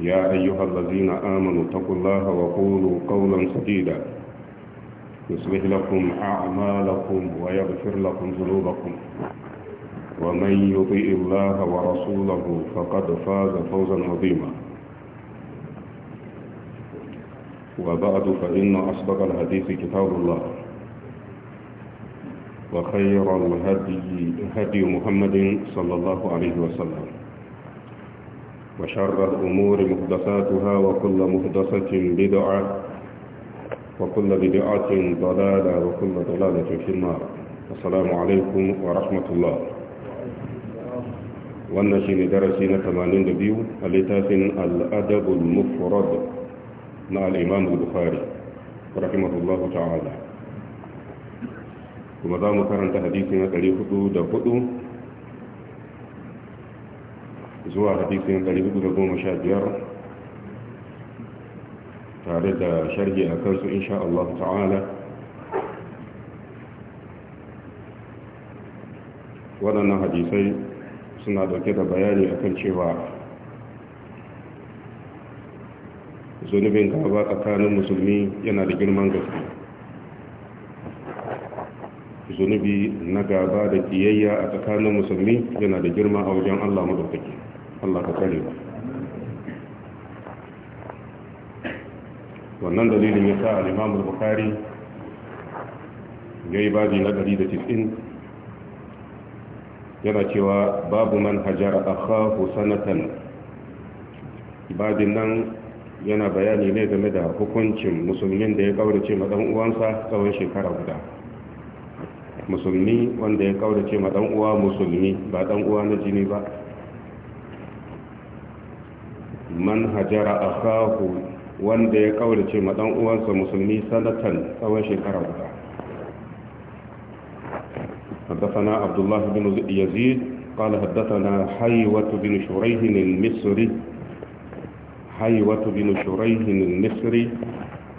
يا أيها الذين آمنوا اتقوا الله وقولوا قولا سديدا يصلح لكم أعمالكم ويغفر لكم ذنوبكم ومن يطيء الله ورسوله فقد فاز فوزا عظيما وبعد فإن أصدق الحديث كتاب الله وخير الهدي هدي محمد صلى الله عليه وسلم وشر الأمور محدثاتها وكل محدثة بدعة وكل بدعة ضلالة وكل ضلالة في النار السلام عليكم ورحمة الله والنشين درسين ثمانين دبيو الاتاث الأدب المفرد مع الإمام البخاري ورحمه الله تعالى ومدام كانت حديثنا تليخدو دفؤ zuwa sha biyar. tare da sharhi a kansu insha Allah ta'ala waɗannan hadisai suna dauke da bayani akan cewa zunubin gaba tsakanin musulmi yana da girman gaske zunubi na gaba da kiyayya a tsakanin musulmi yana da girma a wajen Allah madaukaki Allah ka kare ba wannan dalilin ya sa al-Imam al-Bukhari yayi babi na 190 yana cewa babu man hajara akhahu sanatan babin nan yana bayani ne game da hukuncin musulmin da ya kaurace ma uwansa tsawon shekara guda musulmi wanda ya kaurace ma dan uwa musulmi ba dan uwa na jini ba man hajara akahu wanda ya kaurace ma dan uwansa musulmi sanatan tsawon shekara guda حدثنا عبد الله بن يزيد قال حدثنا حيوة بن شريح المصري حيوة بن شريح المصري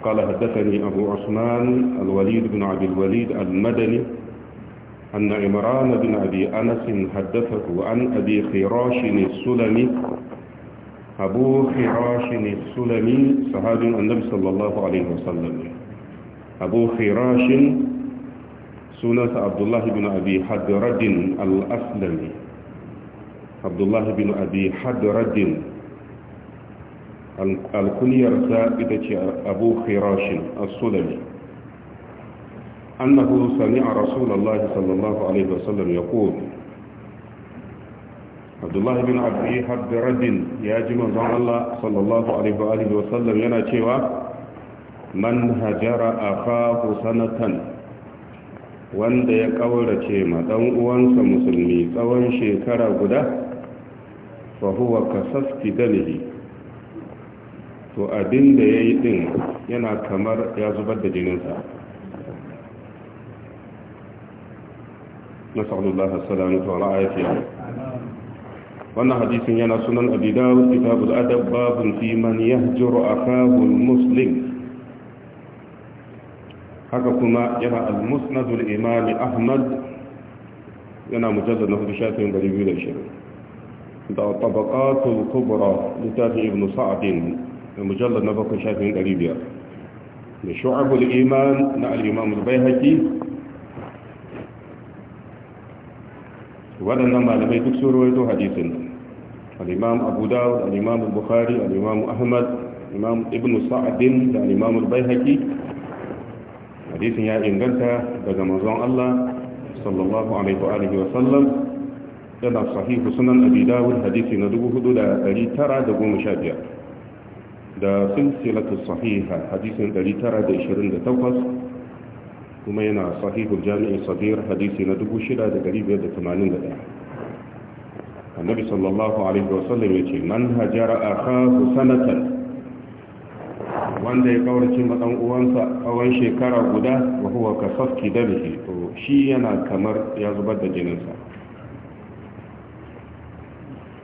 قال حدثني أبو عثمان الوليد بن عبد الوليد المدني أن عمران بن أبي أنس حدثه عن أبي خراش السلمي أبو خراش السلمي صحابي النبي صلى الله عليه وسلم أبو خراش سنة عبد الله بن أبي حدرد الأسلمي عبد الله بن أبي حدرد الكنية ثابتة أبو خراش السلمي أنه سمع رسول الله صلى الله عليه وسلم يقول abdullahi bin abi habdiraddin ya ji manzon Allah sallallahu alaihi wa alihi wasallam yana cewa man hajara akahu sanatan wanda ya kaurace ma dan uwansa musulmi tsawon shekara guda fa huwa kasafti dalihi to abin da yayi din yana kamar ya zubar da jininsa نسأل alaihi wa والعافية wannan hadisin yana sunan abi dawud kitabul adab babun fi man yahjuru akahu muslim haka kuma yana al-musnad al-imam ahmad yana mujaddad na shafin 220 da tabaqat al-kubra litafi ibn sa'd mujallad na bakwai shafin 500 da shu'ab al-iman na al-imam al-baihaqi waɗannan malamai duk sun rawaito hadisin الإمام أبو داود الإمام البخاري الإمام أحمد الإمام ابن سعد الإمام البيهقي حديث يا إنجلتا بجمزون الله صلى الله عليه وآله وسلم لنا صحيح سنن أبي داود حديث ندوه دا ألي ترى دقوم شابيا دا سلسلة الصحيحة حديث ألي ترى دا إشرين دا توقص كما ينا صحيح الجامع الصغير حديث ندوه شدا دا قريب دا ثمانين دا, دا. annabi sallallahu alaihi wasallam ya ce man hajara akahu sanatan wanda ya kawarci ma dan uwansa tsawon shekara guda wa huwa ka safki dalihi to shi yana kamar ya zubar da jininsa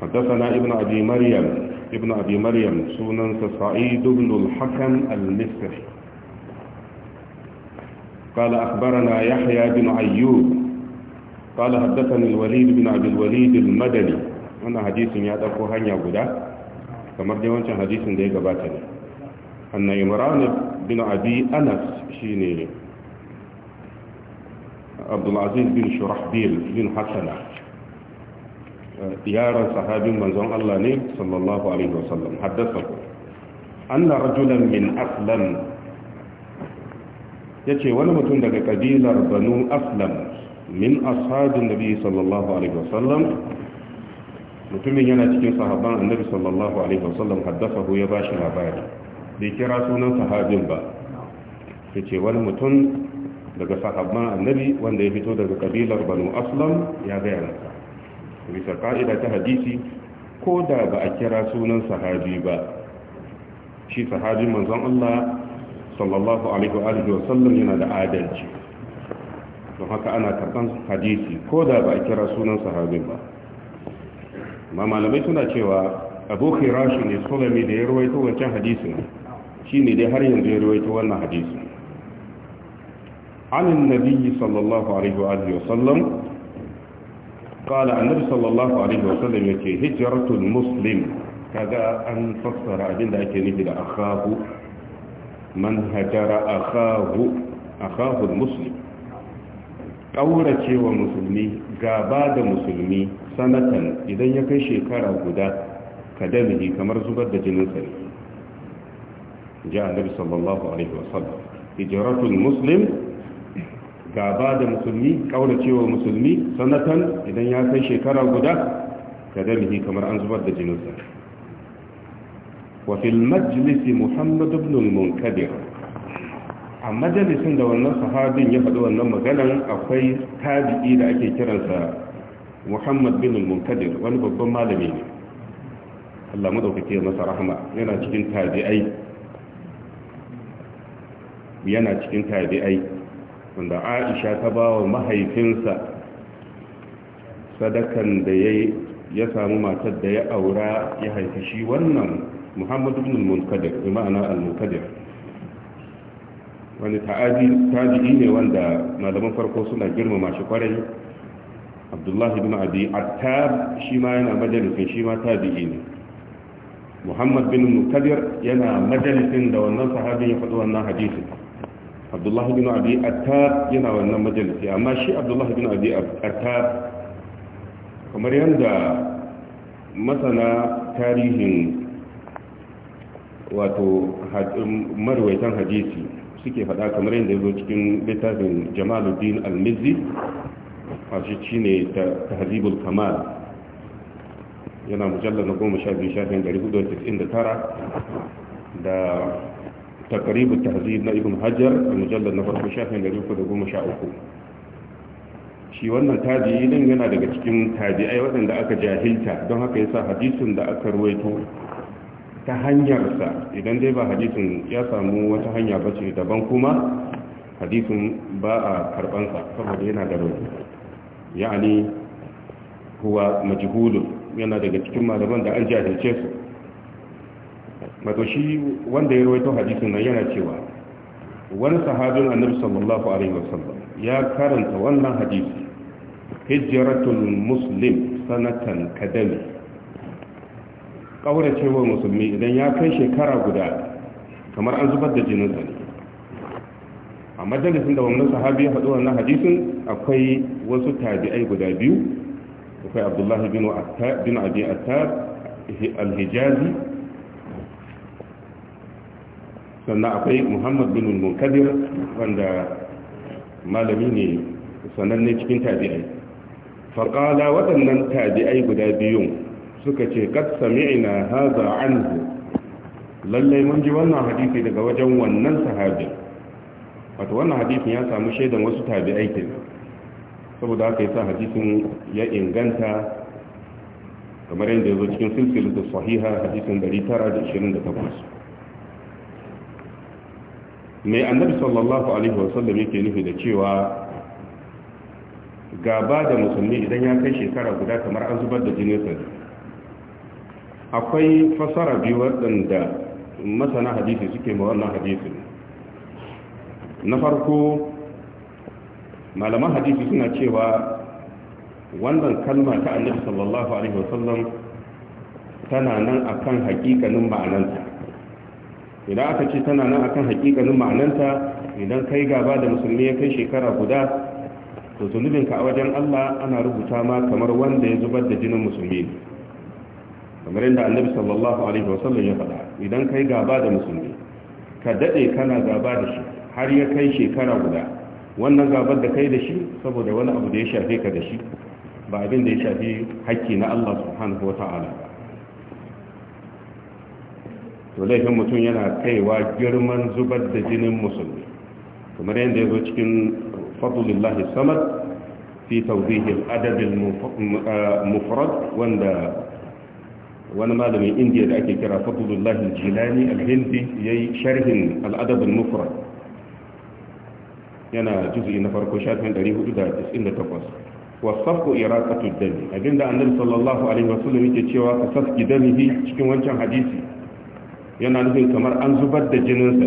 حدثنا ابن Ibn Abi Maryam أبي مريم سنن al بن الحكم المصري قال أخبرنا يحيى بن قال حدثني الوليد بن عبد الوليد المدني انا حديث يا دكو هانيا غدا كما دي وانشان حديث دي غباتني ان عمران بن ابي انس شيني عبد العزيز بن شرحبيل بن حسن يا صحابي من زون الله نيم صلى الله عليه وسلم حدثه ان رجلا من اسلم يجي ولا متون دغ قبيله بنو اسلم min ashabin nabi sallallahu alaihi wasallam mutumin yana cikin sahabban annabi sallallahu alaihi wasallam haddathahu ya bashi labari bai kira sunan sahabin ba yace wani mutum daga sahabban annabi wanda ya fito daga kabilar banu aslam ya gaya masa bisa ka'ida ta hadisi ko da ba a kira sunan sahabi ba shi sahabin manzon Allah sallallahu alaihi wa sallam yana da adalci don haka ana karɓar hadisi ko da ba a kira sunan sahabin ba ma malamai suna cewa abu kirashi ne sulami da ya ruwaito wancan hadisin shi ne dai har yanzu ya ruwaito wannan hadisin anin nabiyyi sallallahu alaihi wa sallam قال النبي صلى الله عليه وسلم يكي هجرة المسلم كذا أن فسر أبين دا أكي نجد أخاه من هجر أخاه أخاه المسلم ƙaurace wa musulmi gaba da musulmi sanatan idan ya kai shekara guda kadamihi kamar zubar da jinin sa ji annabi sallallahu alaihi wasallam hijratul muslim gaba da musulmi ƙaurace wa musulmi sanatan idan ya kai shekara guda kadamihi kamar an zubar da jinin sa وفي المجلس محمد بن المنكدر a majalisun da wannan sahabin ya faɗi wannan maganan akwai tabi'i da ake kiransa muhammad bin munkadir wani babban malami ne allah maɗaukake masa rahama yana cikin tabi'ai yana cikin tabi'ai wanda aisha ta ba wa mahaifinsa sadakan da ya samu matar da ya aura ya haifi shi wannan muhammad bin munkadir ma'ana al-munkadir wani tabi'i ne wanda malaman farko suna girmama shi kwarai abdullahi bin abi attab shi ma yana majalisin shi ma tabi'i ne muhammad bin Muqtadir yana majalisin da wannan sahabin ya faɗi wannan hadisin abdullahi bin abi attab yana wannan majalisi amma shi abdullahi bin abi attab kamar yadda masana tarihin wato um, marwaitan hadisi suke faɗa kamar yadda zo cikin littafin jamaluddin al-mizzi a shi ne ta hazibul kamal yana mujallar na goma sha biyu shafin ɗari hudu da tisin da tara da takaribu ta hazib na ibn hajjar a mujallar na farko shafin ɗari hudu da goma sha uku shi wannan yi nan yana daga cikin tabi'ai waɗanda aka jahilta don haka yasa hadisin da aka ruwaito ta hanyarsa idan dai ba hadisin ya samu wata hanya ba ce daban kuma hadisin ba a karbansa saboda yana da rauni ya'ani huwa majhulun yana daga cikin malaman da an jahilce su matoshi wanda ya rawaito hadisin nan yana cewa wani sahabin annabi sallallahu alaihi wasallam ya karanta wannan hadisi hijratul muslim sanatan kadami ƙaurace wa musulmi idan ya kai shekara guda kamar an zubar da jinin sani, a majalisun da wannan sahabi ya faɗi wannan hadisin akwai wasu tabi'ai guda biyu akwai abdullahi bin abi attar al-hijazi sannan akwai muhammad bin munkadir wanda malami ne sananne cikin tabi'ai faƙala waɗannan tabi'ai guda biyun suka ce kad sami'na hadha anhu lalle mun ji wannan hadisi daga wajen wannan sahabi wato wannan hadisin ya samu shaidan wasu tabi'ai ke saboda haka yasa hadisin ya inganta kamar yadda ya zo cikin silsilar da sahiha hadisin 928 mai annabi sallallahu alaihi wasallam yake nufi da cewa gaba da musulmi idan ya kai shekara guda kamar an zubar da jininsa akwai fasara biyu waɗanda masana hadisi suke ma wannan hadisi na farko malaman hadisi suna cewa wannan kalma ta annabi sallallahu alaihi wasallam tana nan akan hakikanin ma'ananta idan aka ce tana nan akan hakikanin ma'ananta idan kai gaba da musulmi ya kai shekara guda to zunubinka a wajen Allah ana rubuta ma kamar wanda ya zubar da jinin musulmi kamar yadda annabi sallallahu alaihi wasallam ya faɗa idan kai gaba da musulmi ka daɗe kana gaba da shi har ya kai shekara guda wannan gabar da kai da shi saboda wani abu da ya shafe ka da shi ba abin da ya shafi hakki na Allah subhanahu wa ta'ala ba to laifin mutum yana kaiwa girman zubar da jinin musulmi kamar yadda ya zo cikin fadlillahi samad fi tawdihil adab al-mufrad wanda wani malamin indiya da ake kira fadlullah al-jilani al-hindi yayi sharhin al-adab yana juz'i na farko shafin wasafku iraqatu dami abinda annabi sallallahu alaihi wasallam yake cewa ka safki damihi cikin wancan hadisi yana nufin kamar an zubar da jinin sa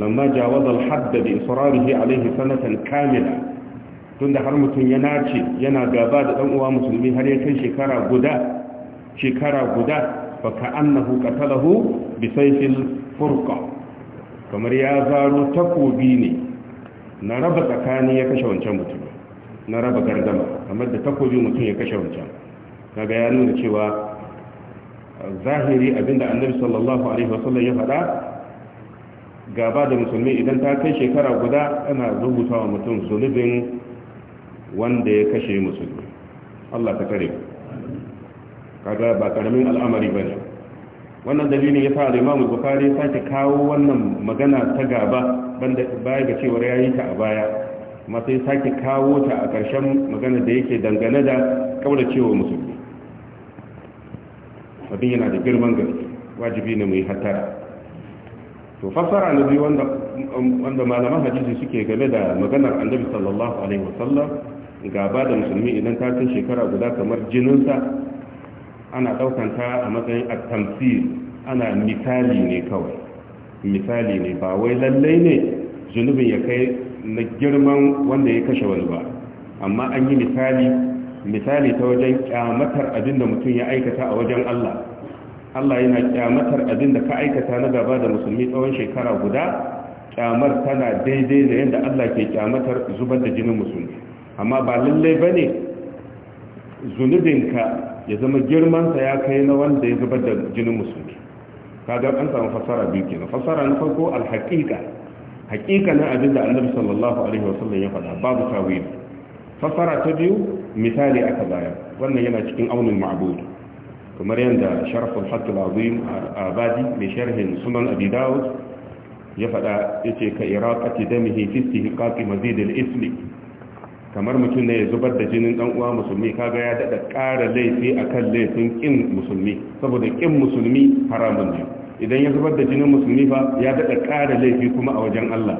lamma Jawaz al-hadd bi israrihi alaihi sanatan kamila tunda har mutun ya nace yana gaba da dan uwa musulmi har ya kai shekara guda shekara guda fa ka annahu qatalahu bi sayfil furqa kamar ya zaro takobi ne na raba tsakani ya kashe wancan mutum na raba gardama kamar da takobi mutum ya kashe wancan kaga ya nuna cewa zahiri abinda annabi sallallahu alaihi wasallam ya faɗa gaba da musulmi idan ta kai shekara guda ana rubuta wa mutum zunubin wanda ya kashe musulmi Allah ta kare mu kaga ba karamin al'amari bane wannan dalilin yasa al-Imam Bukhari sake kawo wannan magana ta gaba banda baya ga cewa yayi ta a baya amma sai sake kawo ta a ƙarshen magana da yake dangane da cewa musulmi abin yana da girman gaske wajibi ne mu yi to fassara na biyu wanda wanda malaman hadisi suke game da maganar annabi sallallahu alaihi wasallam gaba da musulmi idan ta kai shekara guda kamar jininsa ana ɗaukanta a matsayin attamsil ana misali ne kawai misali ne ba wai lallai ne zunubin ya kai na girman wanda ya kashe wani ba amma an yi misali misali ta wajen kyamatar abinda mutum ya aikata a wajen Allah Allah yana kyamatar abinda ka aikata na gaba da musulmi tsawon shekara guda kyamar tana daidai da yadda Allah ke kyamatar zubar da jinin musulmi amma ba lallai ba ne zunubinka ya zama girmansa ya kai na wanda ya zubar da jinin musulmi kaga an samu fasara biyu kenan fasara na farko alhaƙiƙa haƙiƙa na abin da annabi sallallahu alaihi wasallam ya faɗa babu tawil fasara ta biyu misali aka bayar wannan yana cikin aunin ma'bud kamar yadda sharhul hatt azim abadi mai sharhin sunan abi dawud ya faɗa yace ka iraqati damihi fi istihqaqi mazid al-ismi kamar mutum ne ya zubar da jinin dan uwa musulmi kaga ya dada kara laifi akan laifin kin musulmi saboda kin musulmi haramun ne idan ya zubar da jinin musulmi fa ya dada kara laifi kuma a wajen Allah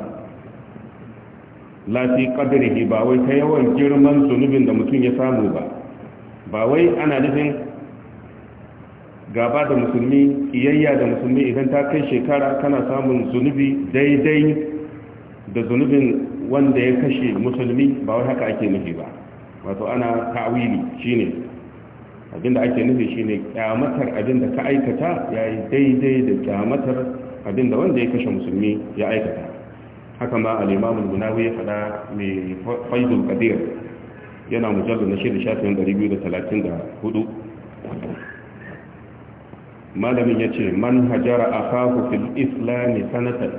fi qadrihi ba wai ta yawan girman zunubin da mutum ya samu ba ba wai ana nufin gaba da musulmi iyayya da musulmi idan ta kai shekara kana samun zunubi daidai da zunubin wanda ya kashe musulmi ba wai haka ake nufi ba wato ana ta'wili shine abinda ake nufi shine kyamatar abinda ka aikata ya yi daidai da kyamatar abinda wanda ya kashe musulmi ya aikata haka ma alimamul imam ya fada mai Faidul Qadir yana mujallu na shirin shafin 234 malamin ya ce man hajara a fil islami sanatar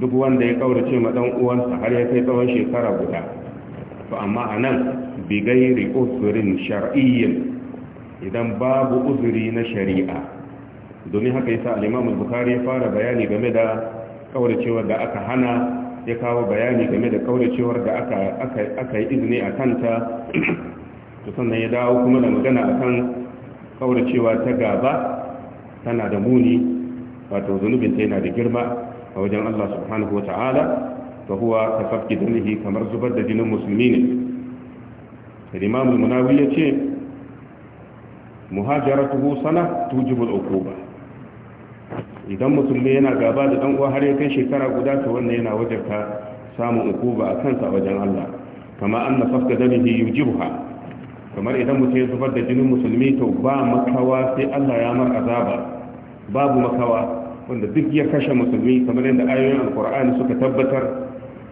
duk wanda ya kaurace ma dan uwansa har ya kai tsawon shekara guda to amma anan bi gairi uzurin shar'iyyin idan babu uzuri na shari'a domin haka yasa al-Imam al-Bukhari ya fara bayani game da kauracewar da aka hana ya kawo bayani game da kauracewar da aka aka aka yi izini a kanta to sannan ya dawo kuma da magana akan kauracewa ta gaba tana da muni wato zunubin ta yana da girma a wajen Allah subhanahu wa ta'ala fa huwa kasafki dalihi kamar zubar da jinin musulmi ne imam al-munawi yace muhajaratuhu sana tujibu al-uquba idan musulmi yana gaba da dan uwa har ya kai shekara guda to wannan yana wajarta samun uquba a kansa wajen Allah kama anna safka dalihi yujibuha kamar idan mutum ya zubar da jinin musulmi to ba makawa sai Allah ya mar azaba babu makawa wanda duk ya kashe musulmi kamar yadda ayoyin alkur'ani suka tabbatar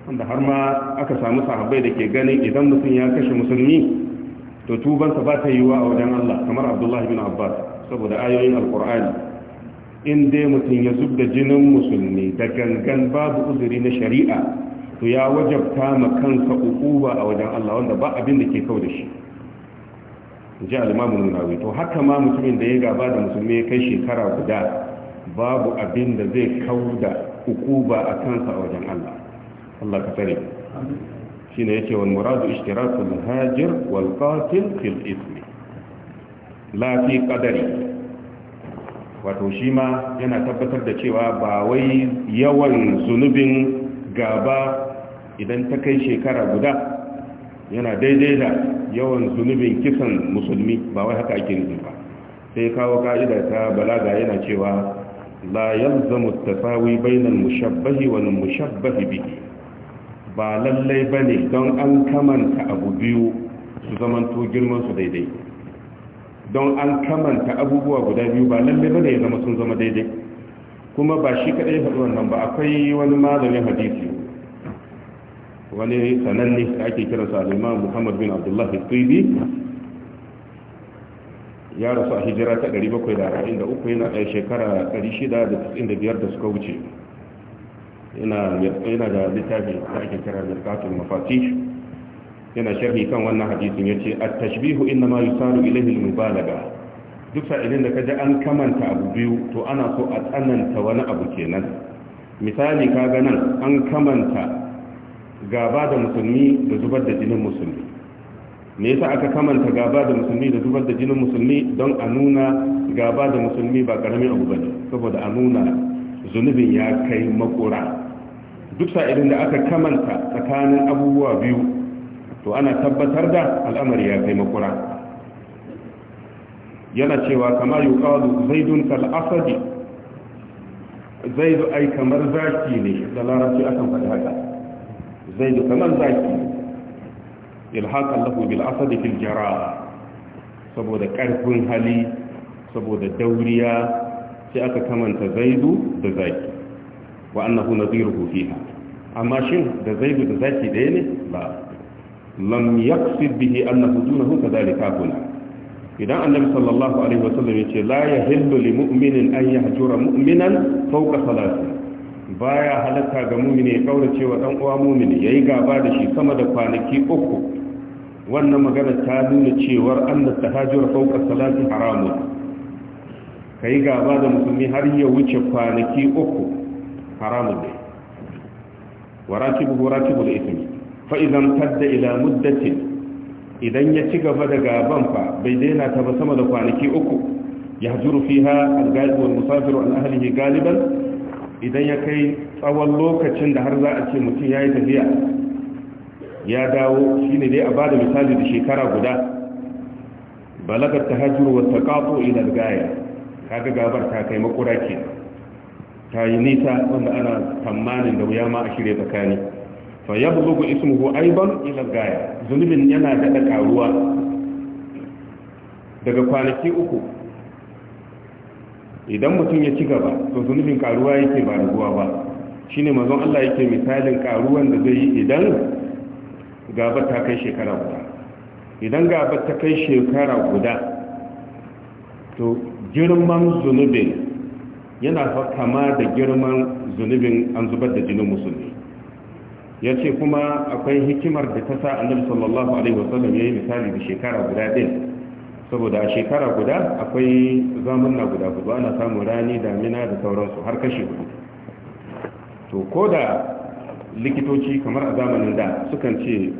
wanda har ma aka samu sahabbai da ke ganin idan mutum ya kashe musulmi to tubansa ba ta yiwuwa a wajen Allah kamar Abdullahi bin Abbas saboda ayoyin alkur'ani in dai mutum ya zub da jinin musulmi da gangan babu uzuri na shari'a to ya wajabta ma kansa ukuba a wajen Allah wanda ba abin da ke kau da shi ji al-Imam to haka ma mutumin da ya gaba da musulmi ya kai shekara guda babu abin da zai da hukuba a kansa a wajen Allah Allah ka tsare shi ne yake wani muradu ishtirakul hajir wal qatil fil ismi la fi qadari wato shi ma yana tabbatar da cewa ba wai yawan zunubin gaba idan ta kai shekara guda yana daidai da yawan zunubin kisan musulmi ba wai haka ake nufi ba sai kawo ka'ida ta balaga yana cewa la yalzamu tasawi bainal mushabbahi wal mushabbahi bihi ba lallai ne don an kamanta abu biyu su zamanto girman su daidai don an kamanta abubuwa guda biyu ba lallai bane ya zama sun zama daidai kuma ba shi kadai ya faɗi wannan ba akwai wani malamin hadisi wani sananne da ake kiransa al-Imam Muhammad bin Abdullah ya rasu a hijira ta 743 yana ɗaya shekara 695 da suka wuce yana da littafi da ake kira katon mafati yana sharhi kan wannan hadisin ya ce a tashbihu inna ma yi yusaru ilaihi mubalaga duk sa'ilin da ka an kamanta abu biyu to ana so a tsananta wani abu kenan misali ka ganin an kamanta gaba da musulmi da zubar da jinin musulmi me yasa aka kamanta gaba da musulmi da zubar da jinin musulmi don a nuna gaba da musulmi ba karamin abu bane saboda a nuna zunubin ya kai makura duk sa'ilin da aka kamanta tsakanin abubuwa biyu to ana tabbatar da al'amari ya kai makura yana cewa kama yuqalu zaidun kal asadi zaidu ai kamar zaki ne da larabci akan faɗi haka zaidu kamar zaki ne ilhaqan lahu bil asad fil jara saboda karfin hali saboda dauriya sai aka kamanta zaidu da zaki wa annahu nadhiruhu fiha amma shin da zaidu da zaki ɗaya ne ba lam yaqsid bihi annahu dunahu kadhalika kuna idan annabi sallallahu alaihi wasallam yace la yahillu li mu'minin an yahjura mu'minan fawqa salati baya halatta ga mumini ya kaurace wa dan uwa mumini yayi gaba da shi sama da kwanaki uku wannan magana ta nuna cewar annas tahajjur fawqa salatin haramun Ka yi gaba da musulmi har ya wuce kwanaki uku haramun ne warakibu warakibu da ismi Fa'izan idan tadda ila muddatin idan ya ci gaba da gaban fa bai daina ta ba sama da kwanaki uku yahjuru fiha al-ghalib wal musafir an ahlihi galiban idan ya kai tsawon lokacin da har za a ce mutum ya yi tafiya ya dawo shine dai a bada misali da shekara guda balagar tahajjur wa taqatu ila al-gaya kaga gabar ta kai makura ke ta yi nisa wanda ana tsammanin da wuya ma a shirye tsakani fa yablugu ismuhu aiban ila al-gaya zunubin yana daɗa karuwa daga kwanaki uku idan mutum ya ci gaba to zunubin karuwa yake ba raguwa ba shine manzon Allah yake misalin karuwan da zai yi idan gabar ta kai shekara guda idan gabar ta kai shekara guda to girman zunubin yana fa kama da girman zunubin an zubar da jinin musulmi ya ce kuma akwai hikimar da ta sa annabi sallallahu alaihi wasallam ya yi misali da shekara guda din saboda a shekara guda akwai zamanna guda guda ana samun rani damina da sauransu har kashi guda to ko da likitoci kamar a zamanin da sukan ce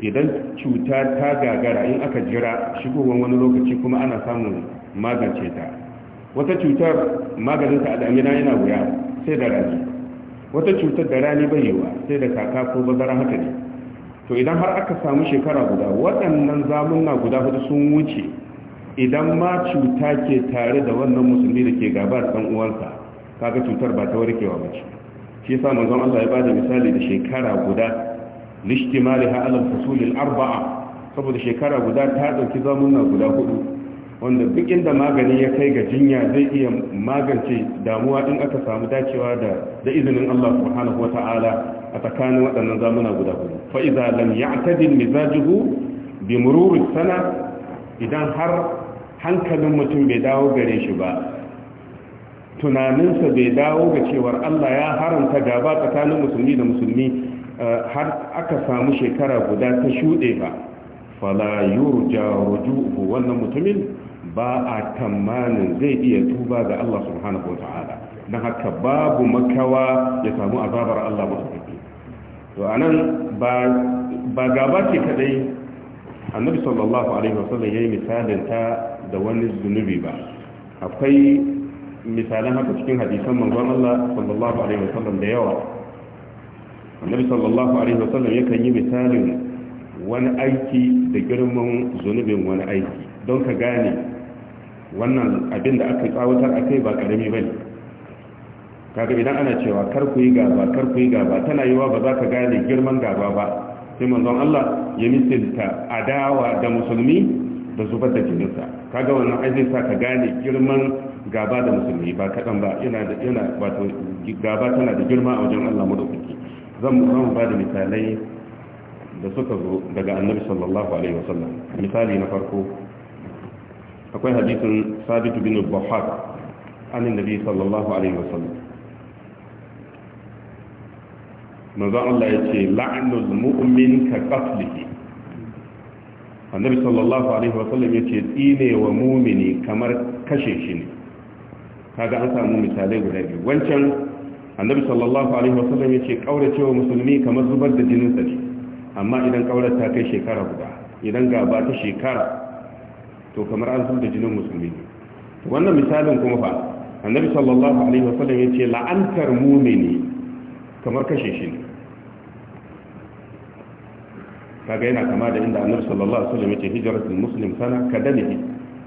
idan cuta ta gagara in aka jira shigowar wani lokaci kuma ana samun magance ta wata cutar maganinta a damina yana wuya sai da rani wata cutar da rani bai yiwa sai da kaka ko bazara haka ne to idan har aka samu shekara guda waɗannan zamunna guda hudu sun wuce idan ma cuta ke tare da wannan musulmi da ke gaba ɗan uwansa kaga cutar ba ta warkewa ba ce shi yasa manzon Allah ya bada misali da shekara guda lishtimaliha ala al arba'a saboda shekara guda ta dauki zamuna guda hudu wanda duk inda magani ya kai ga jinya zai iya magance damuwa din aka samu dacewa da da izinin Allah subhanahu wata'ala a tsakanin waɗannan zamuna guda hudu fa idza lam ya'tadil mizajuhu bi mururi sana idan har hankalin mutum bai dawo gare shi ba tunaninsa bai dawo ga cewar Allah ya haramta gaba tsakanin musulmi da musulmi eh, har aka samu shekara guda ta shuɗe ba fala ubu wannan mutumin ba a tamanin zai iya tuba ga Allah subhanahu wa ta'ala don haka babu makawa ya samu azabar Allah mafi to nan ba gaba ce kadai annabi sallallahu alaihi wasallam misalin ta da wani zunubi ba akwai misalan haka cikin hadisan manzon Allah sallallahu alaihi wasallam da yawa annabi sallallahu alaihi wasallam yakan yi misalin wani aiki da girman zunubin wani aiki don ka gane wannan abin da aka tsawatar akai ba karami bane kaga idan ana cewa kar ku yi gaba kar ku yi gaba tana yiwa ba za ka gane girman gaba ba sai manzon Allah ya misalta adawa da musulmi da zubar da jininsa kaga wannan aiki sa ka gane girman gaba da musulmi ba kaɗan ba yana da yana wato gaba tana da girma a wajen Allah madaukaki zan mu ba da misalai da suka zo daga annabi sallallahu alaihi wasallam misali na farko akwai hadisin sabit bin al-bahar an annabi sallallahu alaihi wasallam manzo Allah yace la'nul mu'min ka qatlihi annabi sallallahu alaihi wasallam yace tsine wa mumini kamar kashe shi ne kaga an samu misalai guda biyu wancan annabi sallallahu alaihi wasallam yace kauracewa musulmi kamar zubar da jinin sa ne amma idan kaurar ta kai shekara guda idan gaba ta shekara to kamar an zubar da jinin musulmi wannan misalin kuma fa annabi sallallahu alaihi wasallam yace la'antar mu'mini kamar kashe shi ne kaga yana kama da inda annabi sallallahu alaihi wasallam yace hijratul muslim sana kadanihi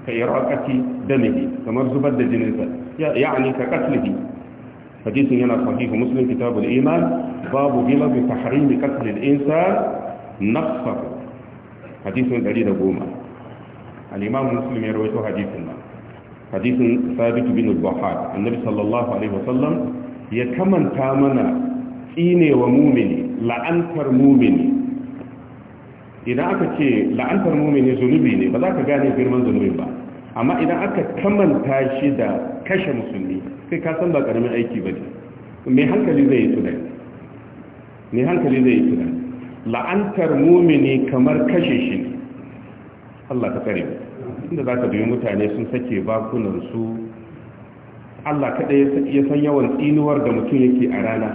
ka iraqati damihi kamar zubar da jinin sa يعني كقتله حديث هنا صحيح مسلم كتاب الإيمان باب بلغ تحريم قتل الإنسان نقصه حديث دليل قوما الإمام مسلم يروي حديثنا حديث ثابت بن الضحاك النبي صلى الله عليه وسلم يكمن تامنا إيني ومؤمني la'antar mumini idan aka ce la'antar mumini zunubi ne ba za ka gane girman zunubi ba amma idan aka kamanta shi da kashe musulmi sai ka san ba karamin aiki ba ne mai hankali zai yi tunani mai hankali zai yi tunani la'antar mumini kamar kashe shi ne Allah ka tsare inda za ka biyu mutane sun sake bakunansu Allah kaɗai ya san yawan tsinuwar da mutum yake a rana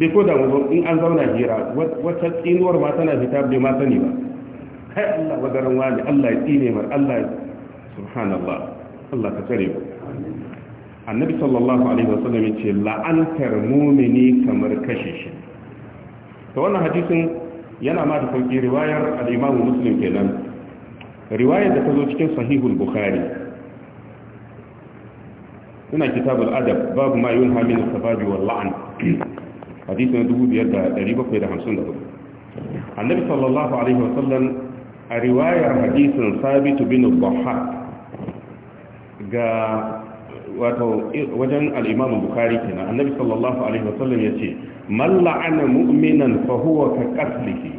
bai ko da in an zauna hira wata tsinuwar ma tana fita bai ma sani ba kai Allah wadaran wani Allah ya tsine mar Allah subhanallah Allah ka tsare mu annabi sallallahu alaihi wasallam yace la'antar mumini kamar kashe shi to wannan hadisin yana ma da sauki riwayar al-Imam Muslim kenan riwayar da ta zo cikin sahihul Bukhari ina al adab babu ma yunha min al-sababi wal la'n hadisin 2754 annabi sallallahu alaihi wasallam a riwayar hadisin Sabit bin Dhahhak ga wato wajen al bukari Bukhari kenan Annabi sallallahu alaihi wasallam yace man la'ana mu'minan fa ka qatlihi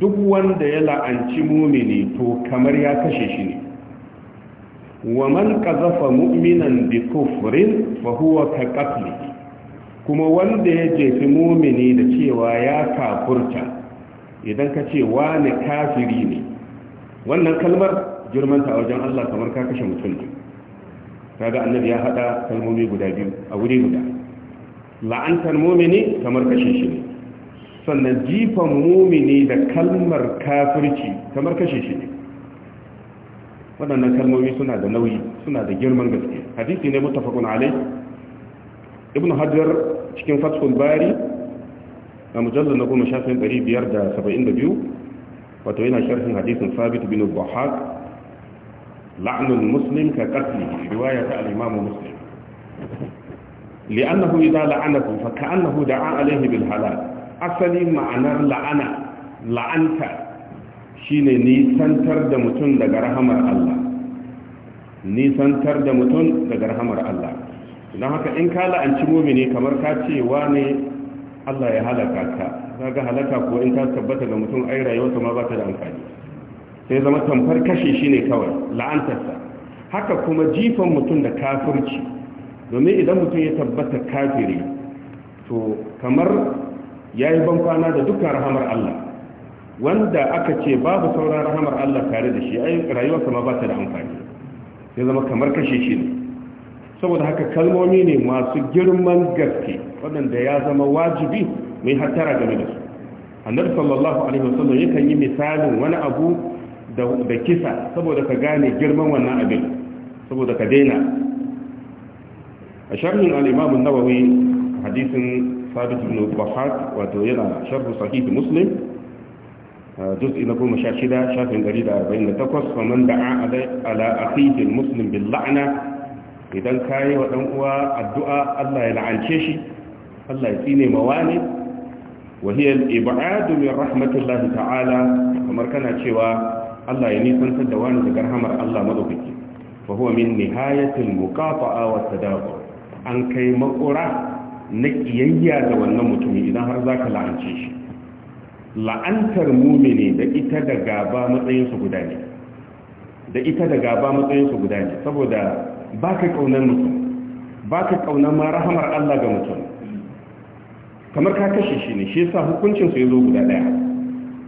duk wanda ya la'anci mumini to kamar ya kashe shi ne wa man ƙazafa mu'minan bi kufrin fa ka qatlihi kuma wanda ya jefi mumini da cewa ya kafurta idan ka ce wani kafiri ne wannan kalmar girmanta a wajen Allah kamar ka kashe mutum ne kaga annabi ya hada kalmomi guda biyu a wuri guda la'antar mumini kamar kashe shi ne sannan jifan mumini da kalmar kafirci kamar kashe shi ne waɗannan kalmomi suna da nauyi suna da girman gaske hadisi ne mutafakun alai ibn hajjar cikin fathul bari a mujallar na goma shafin 572 wato yana sharhin hadisin sabit bin buhak la'nul muslim ka qatli riwaya ta al-imam muslim li'annahu idza la'anahu fa ka'annahu da'a alayhi bil halal asali ma'anar la'ana la'anta shine nisantar da mutum daga rahamar Allah nisantar da mutum daga rahamar Allah don haka in ka la'anci mumini kamar ka ce Allah ya halaka ka ko in ta tabbata ga mutum ai rayuwarsa ma ba ta da amfani sai zama tamfar kashe shi ne kawai la'antarsa haka kuma jifan mutum da kafirci domin idan mutum ya tabbata kafiri to kamar ya yi bankwana da dukkan rahamar Allah wanda aka ce babu sauran rahamar Allah tare da shi a yi rayuwarsa ma ba ta da amfani sai zama kamar kashe shi ne saboda haka kalmomi ne masu girman gaske waɗanda ya zama wajibi mai hattara game da su annabi sallallahu alaihi wasallam yakan yi misalin wani abu da kisa saboda ka gane girman wannan abin saboda ka daina a sharhin al'imamun nawawi hadisin sabit ibn bahat wato yana sharhu sahihi muslim juz'i na goma sha shida shafin dari da arba'in da takwas faman da'a ala akhihi muslim bil la'na idan ka yi wa ɗan uwa addu'a Allah ya la'ance shi Allah ya tsine mawa ne wahiyar ibadu min rahmatullahi ta'ala kamar kana cewa Allah ya nisantar da wani daga rahamar Allah madaukaki fa huwa min nihayatil muqata'a wa tadabur an kai makura na kiyayya da wannan mutumin idan har zaka la'ance shi la'antar mumini da ita da gaba matsayin su guda ne da ita da gaba matsayin su guda ne saboda baka kaunar mutum baka kaunar ma rahamar Allah ga mutum kamar ka kashe shi ne shi yasa hukuncin su yazo guda daya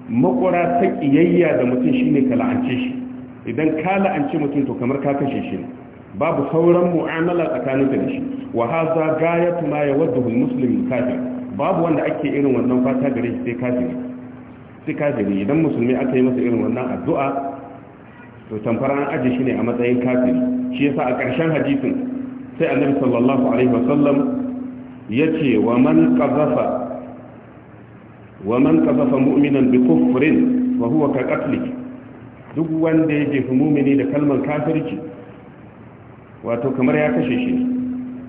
makwara ta ƙiyayya da mutum shine ka la'ance shi idan ka la'ance mutum to kamar ka kashe shi babu sauran mu'amala tsakaninka da shi wa haza gayatu ma yawaddu al-muslim kafir babu wanda ake irin wannan fata gare shi sai kafiri sai kafiri idan musulmi aka yi masa irin wannan addu'a to tamfara an aje shi ne a matsayin kafiri shi yasa a ƙarshen hadisin sai annabi sallallahu alaihi wasallam yace wa man qazafa ومن كفف مؤمنا بكفر فهو كقتلك duk wanda ya jefi mumini da kalman kafirci wato kamar ya kashe shi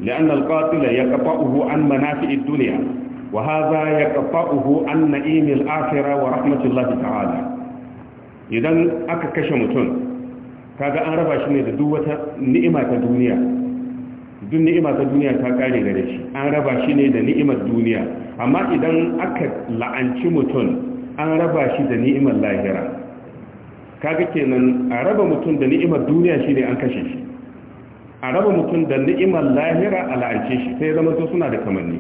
la'an alqatila ya kafa'uhu an manafi'i dunya wa hadha ya kafa'uhu an na'imil akhirah wa rahmatullahi ta'ala idan aka kashe mutum kaga an raba shi ne da duk wata ni'ima ta duniya duk ni'ima ta duniya ta kare gare shi an raba shi ne da ni'imar duniya amma idan aka la'anci mutum an raba shi da ni'imar lahira kaga kenan a raba mutum da ni'imar duniya shine an kashe shi a raba mutum da ni'imar lahira a la'ance shi sai zama to suna da kamanni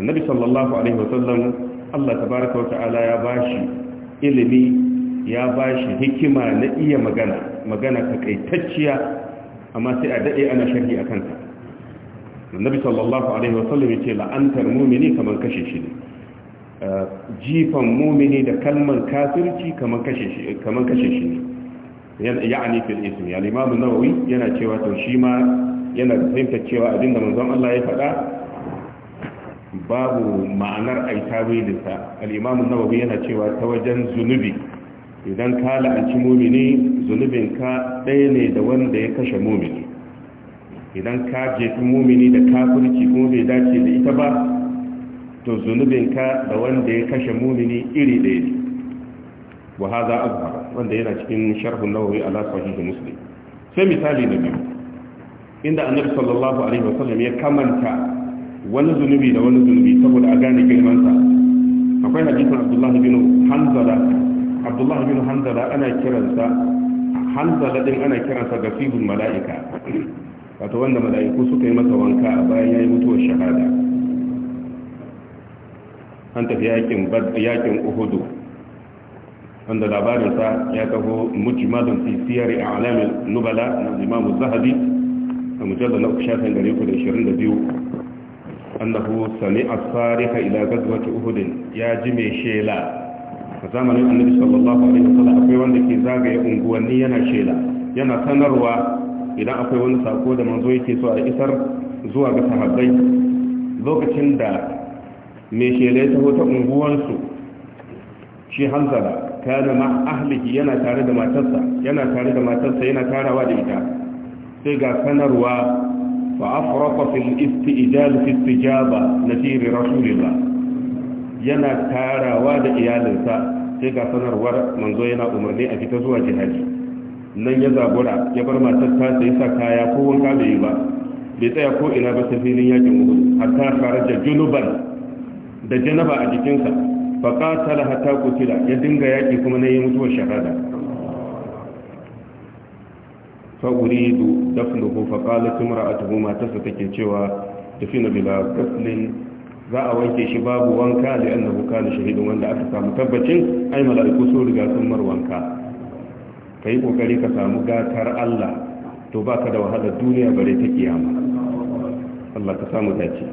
annabi sallallahu alaihi wasallam Allah tabaraka wa ta'ala ya bashi ilimi ya bashi hikima na iya magana magana takaitacciya amma sai a daɗe ana sharhi a kansa annabi sallallahu alaihi wasallam yace la'antar mu'mini kaman kashe shi ne uh, jifan mu'mini da kalman kafirci kaman kashe shi kaman kashe shi yani fil ism ya imam an-nawawi yana cewa to shi ma yana fahimta cewa abinda manzon Allah ya faɗa babu ma'anar ai tawilinsa al-imam an-nawawi yana cewa ta wajen zunubi idan ka la'anci mumini zunubin ka ɗaya ne da wanda ya kashe mumini idan ka jefi mumini da kafirci kuma bai dace da ita ba to zunubin ka da wanda ya kashe mumini iri ɗaya ne wa haza azhar wanda yana cikin sharhun nawawi ala sahih muslim sai misali na biyu inda annabi sallallahu alaihi sallam ya kamanta wani zunubi da wani zunubi saboda a gane girman sa akwai hadisin abdullahi bin hanzala abdullahi bin hanzala ana kiransa hanzala din ana kiransa gafibul mala'ika wato wanda mala'iku suka yi masa wanka a bayan yi mutuwar shahada an tafi yakin yakin uhudu wanda labarinsa ya taho mujmalun fi siyari a alamin nubala na imamu zahabi a mujallar na shafin gare ku da 22 annahu sami asfarika ila gazwati uhudin ya ji mai shela a zamanin annabi sallallahu alaihi wasallam akwai wanda ke zagaye unguwanni yana shela yana sanarwa idan akwai wani sako da manzo yake so a isar zuwa ga sahabbai lokacin da mai shela ta hoto ta unguwansu shi hanzala kana ma ahlihi yana tare da matarsa yana tare da matarsa yana tarawa da ita sai ga sanarwa fa afraqa fil istijab fi istijaba nasir rasulillah yana tarawa da iyalinsa sai ga sanarwar manzo yana umarni a fita zuwa jihadi nan ya zabura ya bar matar ta sai sa kaya ko wanka bai yi ba bai tsaya ko ina ba ta filin yakin uhud hatta kharaja junuban da janaba a jikinsa fa qatala hatta qutila ya dinga yaki kuma na ya mutuwa shahada fa uridu dafnuhu fa qalat imra'atuhu ma tasa take cewa tafina bila qatlin za a wanke shi babu wanka da annabu kana shahidin wanda aka samu tabbacin ai mala'iku sun riga sun mar wanka yi kokari ka samu gatar Allah to baka da wahalar duniya bare ta kiyama Allah ka samu dace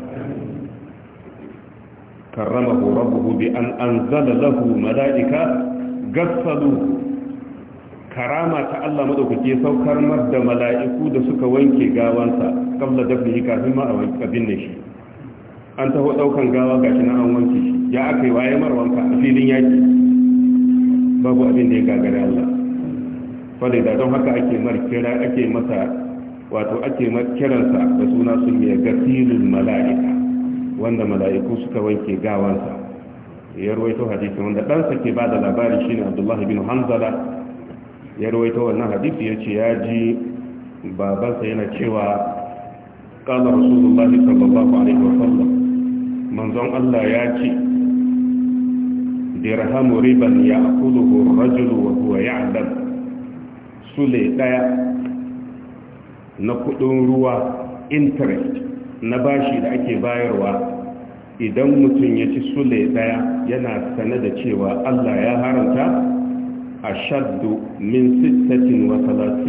karramahu rabbuhu bi an anzala lahu mala'ika gassalu karama ta Allah madaukake saukar mar da mala'iku da suka wanke gawansa kabla dafnihi kafin ma a wanke binne shi an taho daukan gawa shi na an wanke shi ya aka yi waye marwanka a filin yaki babu abin da ya gagari Allah fadai da don haka ake mar kira ake masa wato ake mar kiransa da suna sun ya gasilul mala'ika wanda mala'iku suka wanke gawansa ya rawaito hadisi wanda ɗansa ke ba da labari shine abdullahi bin hanzala ya rawaito wannan hadisi ya ce ya ji babansa yana cewa قال رسول الله صلى الله عليه وسلم manzon Allah ya ce dirhamu riban ya akuluhu rajulu wa huwa ya'lam sule daya na kudin ruwa interest na bashi da ake bayarwa idan mutum ya ci sule daya yana sane da cewa Allah ya haramta ashaddu min 36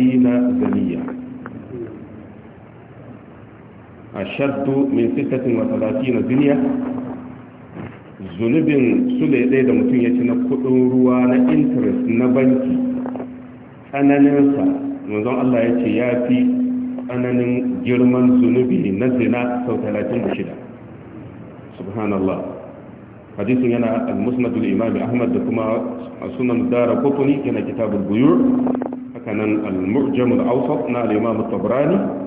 zaniya ashaddu min 36 duniya zunubin sule ɗaya da mutum ya ci na kuɗin ruwa na interest na banki tsananinsa manzon Allah ya ce ya fi tsananin girman zunubi na zina sau 36 subhanallah hadisin yana al-musnadul imam ahmad da kuma sunan dara kotuni yana kitabul buyur hakanan al-mu'jamul awsat na al-imam tabrani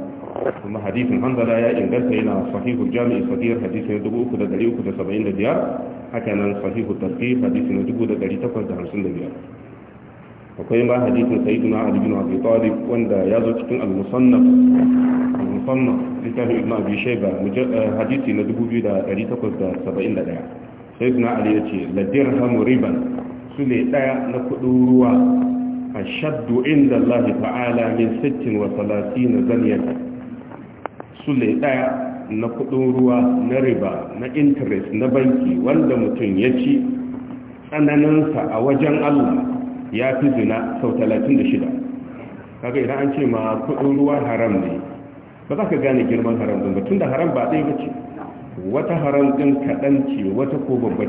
kuma hadisin hanzala ya inganta yana sahihul jami'i sahihar hadisin na 3375 haka nan sahihul tafsir hadisin na 1855 akwai ma hadisin sayyidina ali bin abi talib wanda ya zo cikin al-musannaf al-musannaf littafin ibn abi shayba eh, hadisi na 2871 sayyidina ali yace la dirham riban ne daya na kudin ruwa a ashaddu inda Allah ta'ala min 36 zaniyar. sule ɗaya na kuɗin ruwa na riba na interest na banki wanda mutum ya ci tsananinsa a wajen allah ya fi zina sau 36 kaga idan an ce ma kudin ruwa haram ne ba za ka gane girman haram din ba tunda haram ba ɗaya ba wata haram din kaɗan ce wata ko babba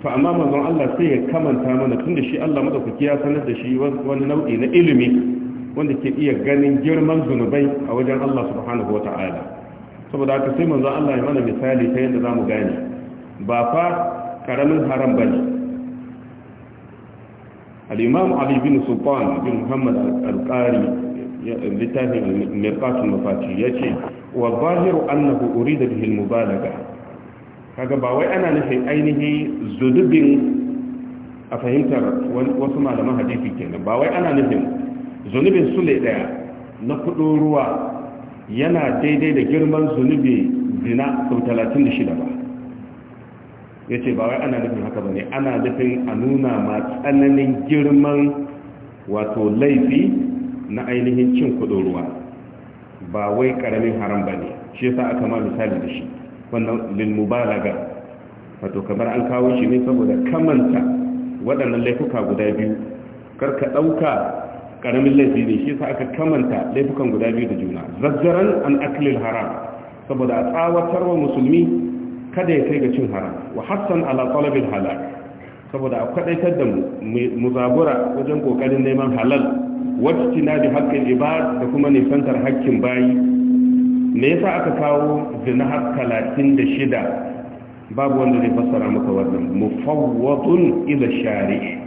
to amma manzon allah sai ya kamanta mana tunda shi allah madaukaki ya sanar da shi wani nau'i na ilimi wanda ke iya ganin girman zunubai a wajen Allah subhanahu wa ta'ala saboda haka sai manzo Allah ya mana misali ta yadda zamu gane ba fa karamin haram bane al-imam Ali bin Sultan bin Muhammad al-Qari littafin al-mirqat al-mafati yace wa zahiru annahu urida bihi al-mubalaga kaga ba wai ana nufin ainihi zunubin a fahimtar wasu malaman hadisi kenan ba wai ana nufin zunubin sule daya na kudin ruwa yana daidai da girman zunubi zina sau 36 ba ya ce ba wai ana nufin haka ba ne ana nufin a nuna ma tsananin girman wato laifi na ainihin cin kudin ruwa ba wai karamin haram ba ne shi yasa aka ma misali da shi wannan lilmubalaga wato kamar an kawo shi ne saboda kamanta waɗannan laifuka guda biyu karka ɗauka karamin laifi ne shi sa aka kamanta laifukan guda biyu da juna zazzaran an aklil haram saboda a tsawatarwa musulmi kada ya kai ga cin haram wa hassan ala talabil halal saboda a kwadaitar da muzabura wajen kokarin neman halal wacce na da haƙƙin ibad da kuma nisantar haƙƙin bayi me yasa aka kawo zina har talatin da shida babu wanda zai fassara maka wannan mufawwadun ila share.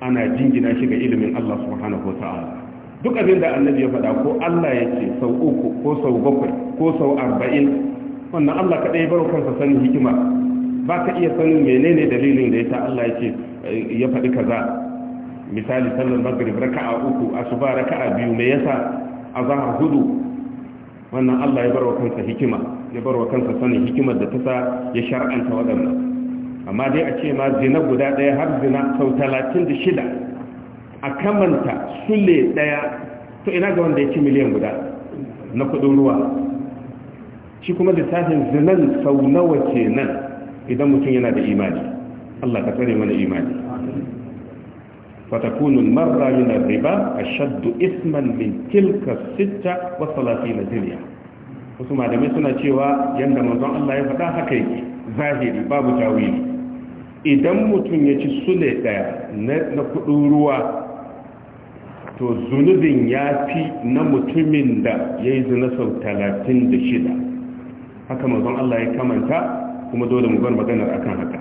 ana jingina shi ga ilimin Allah subhanahu wata'ala duk abin da annabi ya faɗa ko Allah ya ce sau uku ko sau bakwai ko sau arba'in wannan Allah kaɗai bar kansa sanin hikima ba ka iya sanin menene dalilin da ya ta Allah ya ce ya faɗi kaza misali sallar maghrib raka'a uku asuba raka'a biyu me yasa azhar hudu wannan Allah ya bar kansa hikima ya bar kansa sanin hikimar da ta sa ya shar'anta waɗannan amma dai a ce ma zina guda ɗaya har zina sau talatin da shida a kamanta sule ɗaya to ina ga wanda ya ci miliyan guda na kudin ruwa shi kuma littafin zinan sau nawa ke nan idan mutum yana da imani Allah ka tsare mana imani fatakunun marra min riba shaddu isman min tilka sitta wa salatina dirya wasu malamai suna cewa yanda manzon Allah ya faɗa haka yake zahiri babu tawili idan mutum ya ci sule daya na kudin ruwa to zunubin ya fi na mutumin da ya yi zina sau talatin da shida haka mazan Allah ya kamanta kuma dole mu bar maganar akan haka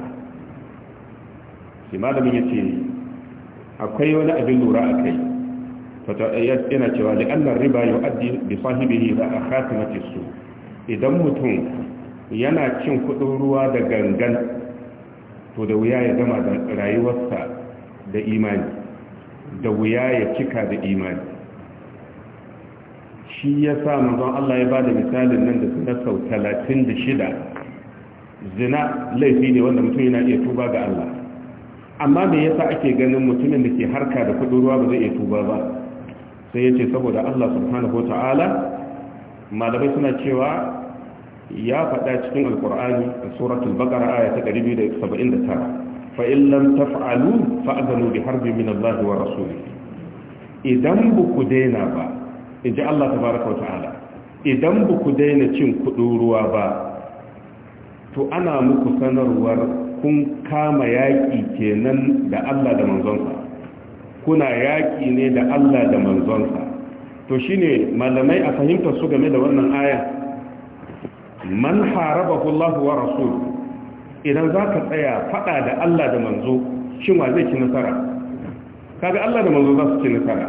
sai malamin ya ce akwai wani abin lura a kai yana cewa da annar riba yau addi da sahibihi da a khatimati su idan mutum yana cin kudin ruwa da gangan to da wuya ya gama da rayuwarsa da imani da wuya ya cika da imani shi ya sa manzon Allah ya ba da misalin nan da suna sau talatin da shida. zina laifi ne wanda mutum yana iya tuba ga Allah amma me yasa ake ganin mutumin da ke harka da kudin ruwa ba zai iya tuba ba sai ya ce saboda Allah subhanahu wa ta'ala malamai suna cewa ya faɗa cikin alkur'ani da suratul bakara aya ta 279 fa in lam taf'alu fa'zanu bi harbin min Allah wa rasulih idan bu ku daina ba inji Allah baraka wa ta'ala idan bu ku daina cin kuɗi ruwa ba to ana muku sanarwar kun kama yaƙi kenan da Allah da manzonsa kuna yaƙi ne da Allah da manzonsa to shine malamai a fahimtar su game da wannan aya man haraba kullahu wa rasul idan zaka tsaya fada da Allah da manzo shin wa zai ci nasara kaga Allah da manzo za su ci nasara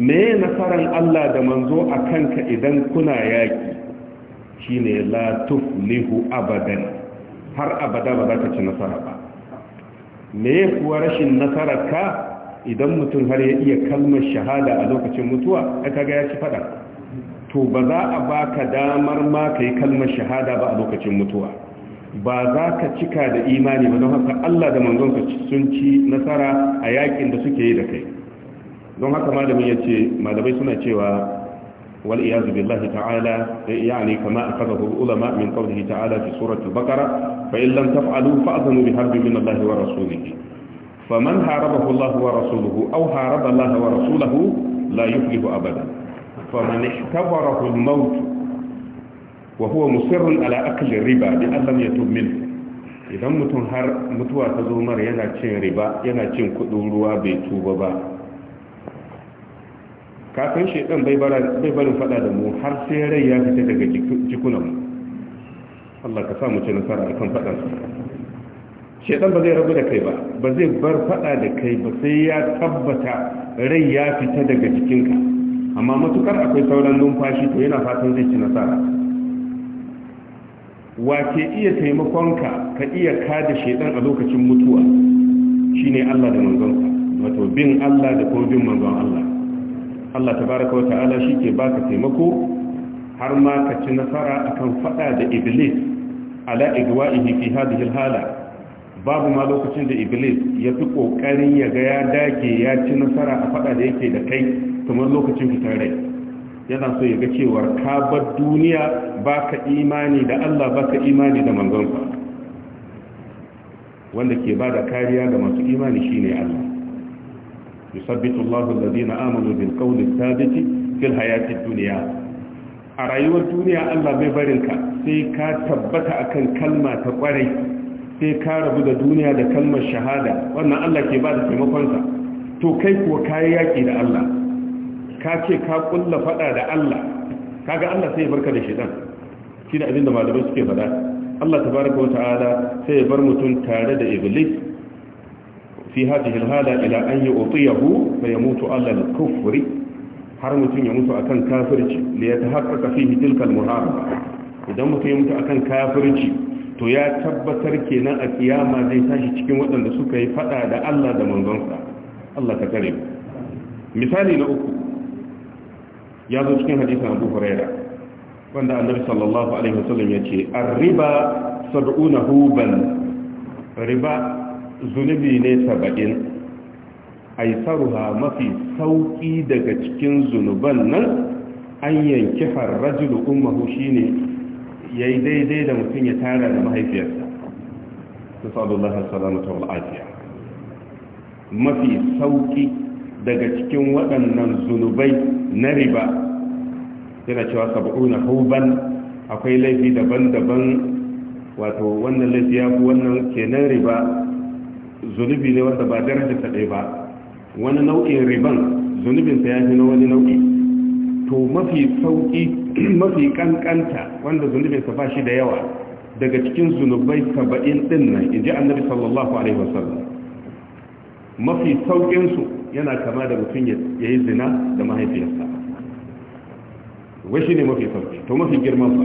me nasaran Allah da manzo akan ka idan kuna yaki shine la tuflihu abadan har abada ba za ka ci nasara ba me kuwa rashin nasara ka idan mutum har ya iya kalmar shahada a lokacin mutuwa kaga ya ci fada to ba za a baka damar ma ka yi kalmar shahada ba a lokacin mutuwa ba za ka cika da imani ba don haka Allah da manzonsa sun ci nasara a yakin da suke yi da kai don haka malamin ya ce malamai suna cewa wal iyazu billahi ta'ala yani kama akadahu ulama min qawlihi ta'ala fi surati al-baqara fa in lam taf'alu fa'zanu bi harbin min Allah wa rasulihi faman harabahu Allah wa rasuluhu aw haraba Allah wa rasuluhu la yuflihu abada فمن ihtabarahu الموت وهو مصر على اكل الربا بان riba bi منه lam yatub idan mutum har mutuwa ta zo mara yana cin riba yana cin kudin ruwa bai tuba ba kafin shedan bai barin fada da mu har sai rai ya fita daga jikunan mu Allah ka sa mu ci nasara akan fadan ba zai rabu da kai ba ba zai bar fada da kai ba sai ya tabbata rai ya fita daga jikinka amma matukar akwai sauran numfashi to yana fatan zai ci nasara wa ke iya taimakonka ka iya kada shaidan a lokacin mutuwa shine Allah da manzonsa wato bin Allah da kuma bin manzon Allah Allah tabaaraka wa ta'ala shi ke baka taimako har ma ka ci nasara akan fada da iblis ala igwa'ihi fi hadhihi alhala babu ma lokacin da iblis ya fi kokarin ya ga ya dage ya ci nasara a fada da yake da kai kamar lokacin fitar rai yana so ya ga cewar ka bar duniya ka imani da Allah ka imani da manzonsa wanda ke ba da kariya ga masu imani shine Allah yusabbitu Allahu alladhina amanu bil qawli thabit fil hayati dunya a rayuwar duniya Allah bai barin ka sai ka tabbata akan kalma ta kwarai sai ka rabu da duniya da kalmar shahada wannan Allah ke ba da taimakonsa to kai kuwa kayi yaki da Allah ka ce ka kulla fada da Allah kaga Allah sai ya barka da shedan shi da abinda malamai suke faɗa Allah tabaraka wata'ala sai ya bar mutum tare da iblis fi hadhihi alhala ila an yu'tiyahu fa yamutu ala al-kufri har mutum ya mutu akan kafirci ne ya tahaqqaqa fihi tilka al-muharaba idan mutum ya mutu akan kafirci to ya tabbatar kenan a kiyama zai tashi cikin waɗanda suka yi fada da Allah da sa, Allah ta kare misali na uku ya zo cikin hadisin abu huraira wanda annabi sallallahu alaihi wasallam ya ce arriba sab'una huban riba zunubi ne saba'in aisaruha mafi sauki daga cikin zunuban nan an yanki harrajulu ummuhu shine yayi daidai da mutum ya tara da mahaifiyarsa sallallahu alaihi wasallam ta wal afiya mafi sauki daga cikin waɗannan zunubai na riba yana cewa saba'una hauban akwai laifi daban-daban wato wannan laifi ya fi wannan kenan riba zunubi ne wanda ba daraja ta ɗaya ba wani nau'in riban zunubinsa ya fi na wani nau'i to mafi sauƙi mafi ƙanƙanta wanda zunubinsa ba shi da yawa daga cikin zunubai saba'in ɗin nan in ji annabi sallallahu alaihi wasallam mafi saukinsu yana kama da mutum ya yi zina da mahaifiyarsa wai shi ne mafi sauki to mafi girman ba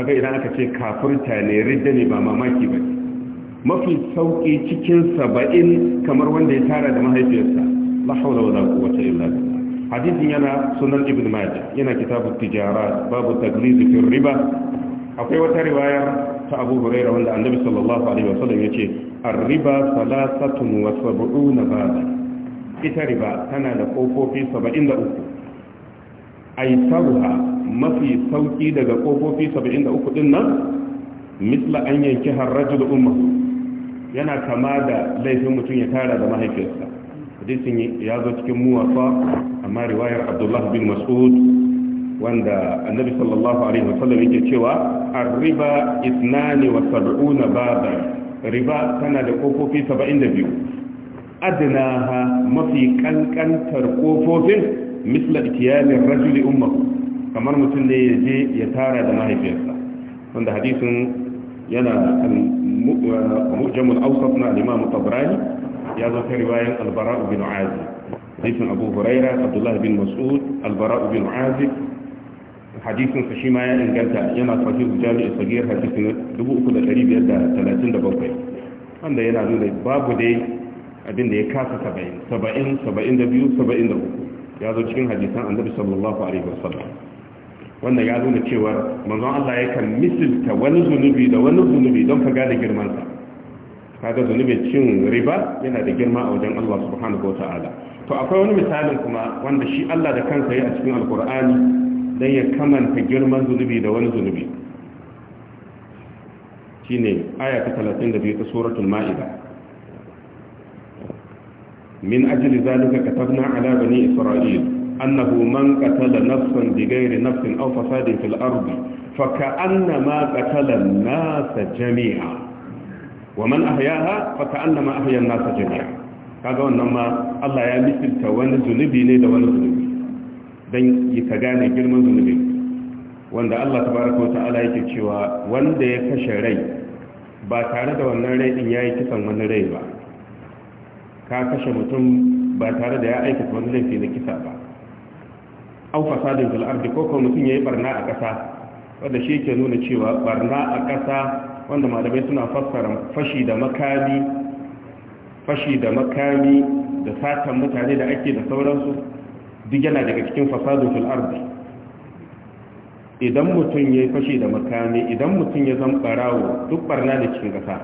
kaga idan aka ce ta ne ridda ne ba mamaki ba mafi sauki cikin saba'in kamar wanda ya tara da mahaifiyarsa la haula wala quwwata illa billah hadisin yana sunan ibn majah yana kitabut tijarat babu tagliz fi riba akwai wata riwaya ta abu hurairah wanda annabi sallallahu alaihi wasallam yace arriba salasatun wa na bada ita riba tana da kofofi 73 sauha mafi sauki daga kofofi 73 ɗin nan misla an yanki harrajul umma yana kama da laifin mutum ya tara da mahaifiyarsa hadisin ya zo cikin muwafa amma riwayar Abdullahi bin mas'ud wanda annabi sallallahu alaihi wasallam yake cewa arriba isnani wa sab'una baban riba tana da kofofi 72 ha mafi kankantar kofofin misla ikiyalin rajuli ummahu kamar mutum ne ya je ya tara da mahaifiyarsa wanda hadisin yana mujamul ausaf na al tabrani ya zo ta riwayan albara'u bin azi hadisin abu huraira abdullahi bin mas'ud albara'u bin azi hadisin sa shi ma ya inganta yana sahihu da sagir hadisin 3537 wanda yana nuna babu dai abin da ya kasa 70 70 72 73 ya zo cikin hadisan annabi sallallahu alaihi wasallam wannan ya nuna cewa manzon Allah ya kan misilta wani zunubi da wani zunubi don ka gane girman sa kaga zunubin cin riba yana da girma a wajen Allah subhanahu wa ta'ala to akwai wani misalin kuma wanda shi Allah da kansa ya a cikin alkur'ani dan ya kamanta girman zunubi da wani zunubi shine aya ta 32 ta suratul ma'ida min ajli zalika katabna ala bani isra'il annahu man qatala nafsan bi ghairi nafsin aw fasadin fil ardi faka'annama qatala an-nasa jami'a wa man ahyaha faka'annama ahya an-nasa jami'a kaga wannan ma Allah ya misalta wani zunubi ne da wani zunubi don yi ka gane girman zunubi wanda Allah tabaraka wata'ala yake cewa wanda ya kashe rai ba tare da wannan rai din yayi kisan wani rai ba ka kashe mutum ba tare da ya aikata wani laifi na kisa ba au fasadin fil ardi ko kuma mutum yayi barna a ƙasa wanda shi yake nuna cewa barna a ƙasa wanda malamai suna fassara fashi da makami fashi da makami da satan mutane da ake da sauransu duk yana daga cikin fasadu fil ardi idan mutum ya fashe da makami idan mutum ya zan barawo duk barna da cikin kasa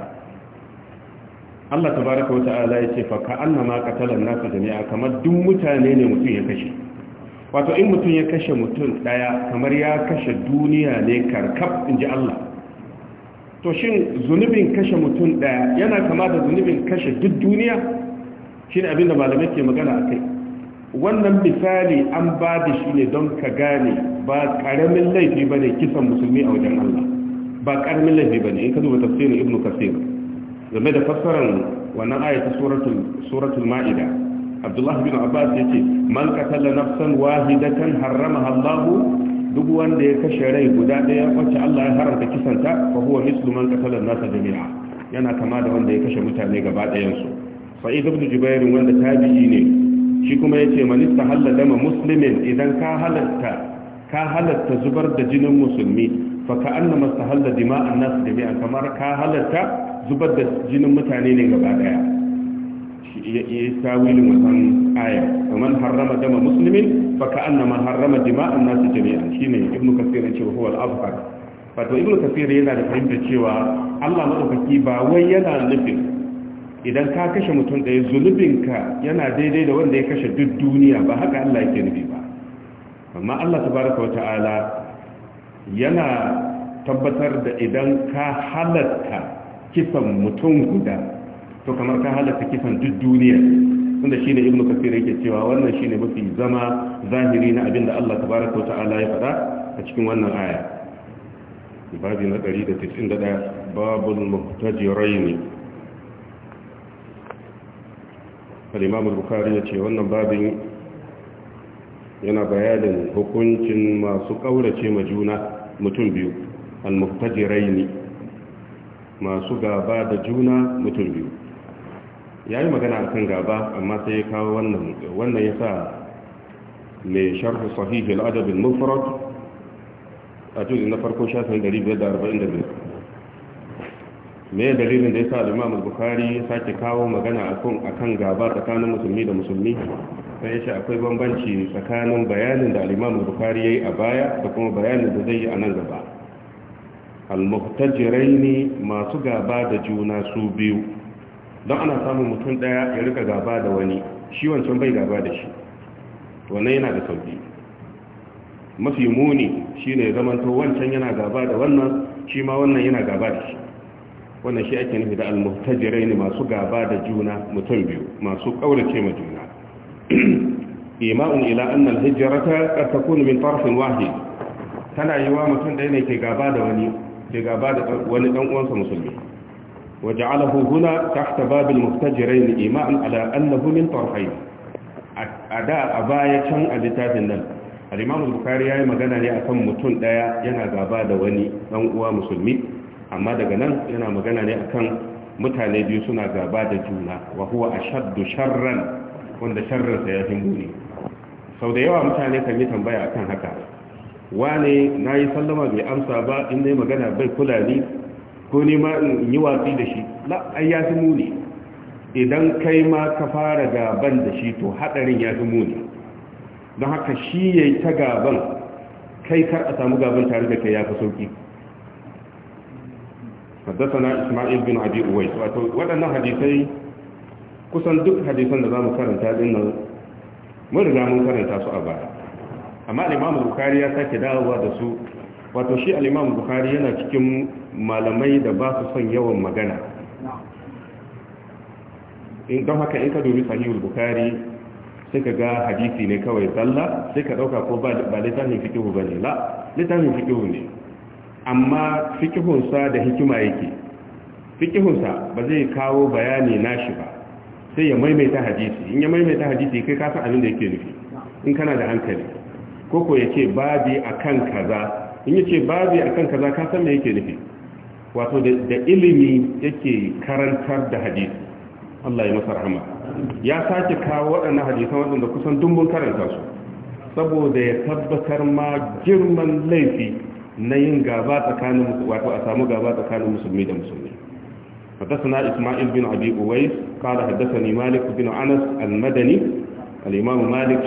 Allah tabaraka wa ta'ala ya ce fa ka annama qatalan nasu jami'a kamar duk mutane ne mutum ya kashe wato in mutum ya kashe mutum daya kamar ya kashe duniya ne karkab inji Allah to shin zunubin kashe mutum daya yana kama da zunubin kashe duk duniya shine abinda malamai ke magana akai wannan misali an ba da shi ne don ka gane ba karamin laifi ba ne kisan musulmi a wajen Allah ba karamin laifi ba ne in ka zuba tafsirin ibnu kasir game da fassarar wannan ayata suratul ma'ida abdullahi bin abbas ya ce man katalla nafsan wahidatan harramaha Allah duk wanda ya kashe rai guda daya wacce Allah ya haramta kisanta fa huwa mislu man katalla nasa jami'a yana kama da wanda ya kashe mutane gaba ɗayan su sa'id ibn jubair wanda tabi'i ne shi kuma yace man istahalla dama musulmin idan ka halatta zubar da jinin musulmi fa ka annama istahalla dima'an nas jami'an kamar ka halatta zubar da jinin mutane ne gaba daya ya tawilin wannan aya kamar harrama dama musulmin fa ka annama harrama dima'an nas jami'an shine ibnu kasir yace huwa al-afqar wato ibnu kasir yana da fahimtar cewa Allah madaukaki ba wai yana nufin idan ka kashe mutum ɗaya ka yana daidai da wanda ya kashe duk duniya ba haka Allah yake nufi ba amma Allah tabaraka wa ta'ala yana tabbatar da idan ka halatta kisan mutum guda to kamar ka halatta kisan duk duniya wanda shine ibnu kafir yake cewa wannan shine mafi zama zahiri na abinda Allah tabaraka wa ta'ala ya faɗa a cikin wannan aya babu na 191 babul muhtajiraini al-imam bukhari ya ce wannan babin yana bayanin hukuncin masu kaurace majuna juna mutum biyu al-muhtajiraini masu gaba da juna mutum biyu yayi magana akan gaba amma sai ya kawo wannan wannan yasa mai sharh sahih al-adab al-mufrad a juz'i na farko shafin 545 me dalilin da yasa Imam al-Bukhari ya sake kawo magana akan akan gaba tsakanin musulmi da musulmi sai yace akwai bambanci tsakanin bayanin da Imam al-Bukhari yayi a baya da kuma bayanin da zai yi a nan gaba al-muhtajiraini masu gaba da juna su biyu don ana samun mutum daya ya rika gaba da wani shi wancan bai gaba da shi wannan yana da sauki mafi muni shine to wancan yana gaba da wannan shi ma wannan yana gaba da shi wannan shi ake nufi da almuhtajirai ne masu gaba da juna mutum biyu masu kaurace ma juna ima'un ila anna alhijrata qad takunu min tarfin wahid tana yiwa mutum ɗaya ne ke gaba da wani ke gaba da wani dan uwansa musulmi وجعله هنا تحت باب المحتجرين a da a baya can أداء أبايا كان أدتات النال الإمام magana يا akan mutum أكم yana gaba da غابا دواني نوء musulmi. amma daga nan yana magana ne akan mutane biyu suna gaba da juna wa huwa ashaddu sharran wanda sharrin sa yafi muni sau da yawa mutane kan yi tambaya akan haka wane nayi sallama bai amsa ba in nayi magana bai kula ni ko ni ma in yi watsi da shi la ai yafi muni idan kai ma ka fara gaban da shi to hadarin yafi muni don haka shi yayi ta gaban kai kar a samu gaban tare da kai ya fi sauki حدثنا إسماعيل بن عبي أويس وأنا حديثي kusan duk hadisan da za mu karanta din nan mun riga mun karanta su a baya amma imamu bukari ya sake dawowa da su wato shi al'imamu bukari yana cikin malamai da ba su son yawan magana don haka in ka dubi sahihul bukari sai ka ga hadisi ne kawai sallah sai ka ɗauka ko ba littafin fikihu ba la littafin ne amma fikihunsa da hikima yake fikihunsa ba zai kawo bayani nashi ba sai ya maimaita hadisi in ya maimaita hadisi kai kasan abin da yake nufi in kana da hankali koko ya ce babi akan kaza in ya ce babi akan kaza kasan me yake nufi wato da ilimi yake karantar da hadisi Allah ya masa rahama ya sake kawo waɗannan hadisan waɗanda kusan dumbun karanta su saboda ya tabbatar ma girman laifi na yin gaba tsakanin wato a samu gaba tsakanin musulmi da musulmi حدثنا إسماعيل بن أبي أويس قال حدثني مالك بن أنس المدني الإمام مالك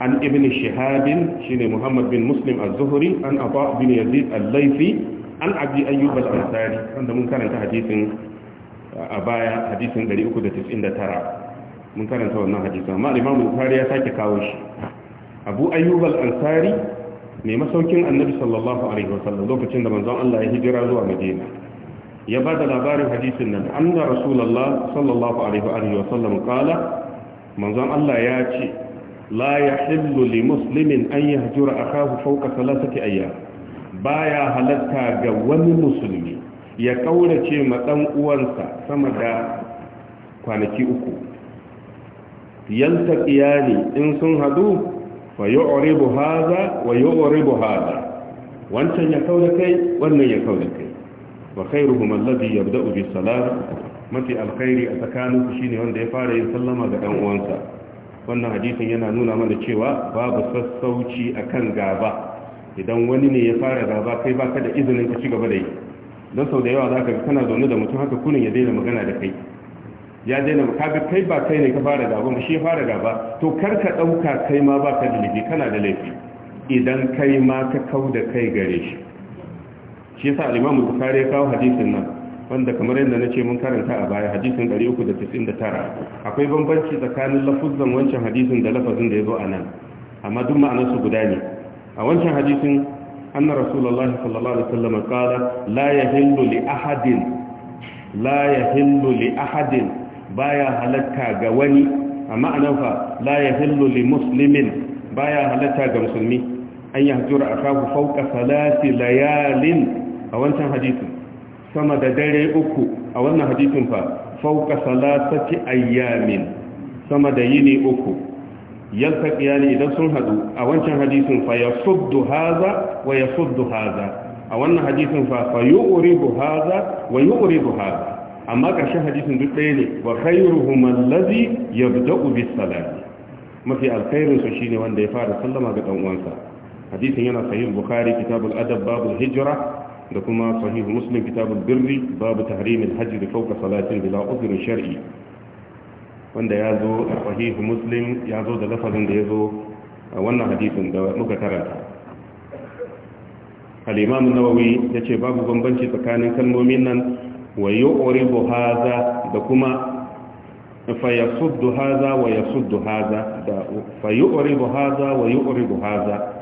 عن ابن شهاب شين محمد بن مسلم الزهري عن عطاء بن يزيد الليثي عن أبي أيوب الأنصاري عند من كان حديث أبايا حديث دري أكد تسعين ترى من كان تولنا حديثا ما الإمام البخاري ساكي كاوش أبو أيوب الأنصاري mai masaukin annabi sallallahu alaihi wasallam lokacin da manzon Allah ya hijira zuwa Madina ya ba da labarin hadisin nan anna rasulullah sallallahu alaihi wasallam kala manzon Allah ya ce la yahillu li muslimin an yahjura akahu fawqa thalathati ayyam baya halatta ga wani musulmi ya kaurace ma dan uwansa sama da kwanaki uku yaltaqiyani in sun hadu wa yu'ribu hadha wa yu'ribu hadha wancan ya kauda kai wannan ya kauda kai wa khairuhum alladhi yabda'u ubi salam mafi alkhairi a tsakanin shine wanda ya fara yin sallama ga ɗan uwansa wannan hadisin yana nuna mana cewa babu sassauci akan gaba idan wani ne ya fara gaba kai baka da izinin ka ci gaba da yi don sau da yawa zaka kana zaune da mutum haka kunin ya daina magana da kai ya daina ka kaga kai ba kai ne ka fara gaba ba shi fara gaba to kar ka ɗauka kai ma ba ka dalibi kana da laifi idan kai ma ka kau da kai gare shi shi sa al-Imam Bukhari ya kawo hadisin nan wanda kamar yadda na ce mun karanta a baya hadisin 399 akwai bambanci tsakanin lafuzan wancan hadisin da lafazin da ya zo a nan amma duk ma'anarsu guda ne a wancan hadisin anna rasulullahi sallallahu alaihi wasallam qala la yahillu li ahadin la yahillu li ahadin baya halatta ga wani a ma'anan fa la ya yahillu li muslimin baya halatta ga musulmi an yahjura akahu fawqa salati layalin a wancan hadisin sama da dare uku a wannan hadisin fa fawqa salasati ayyamin sama da yini uku yanka yaltaqiyani idan sun hadu a wancan hadisin fa ya yasuddu haza wa ya yasuddu haza. a wannan hadisin fa fa yu'ribu haza wa yu'ribu haza. amma ƙarshen hadisin duk ɗaya ne wa khairuhum allazi yabda'u bis salati mafi alkhairin su shine wanda ya fara sallama ga dan uwansa hadisin yana sahih bukhari kitabul adab babul hijra da kuma sahih muslim kitabul birri babu tahrimil hajj fawqa salatin bila shar'i wanda ya zo a sahih muslim ya zo da lafazin da ya zo a wannan hadisin da muka karanta al-imam an-nawawi yace babu bambanci tsakanin kalmomin nan wa yu'ribu hadha da kuma fa yasuddu hadha wa yasuddu hadha da fa yu'ribu hadha wa yu'ribu hadha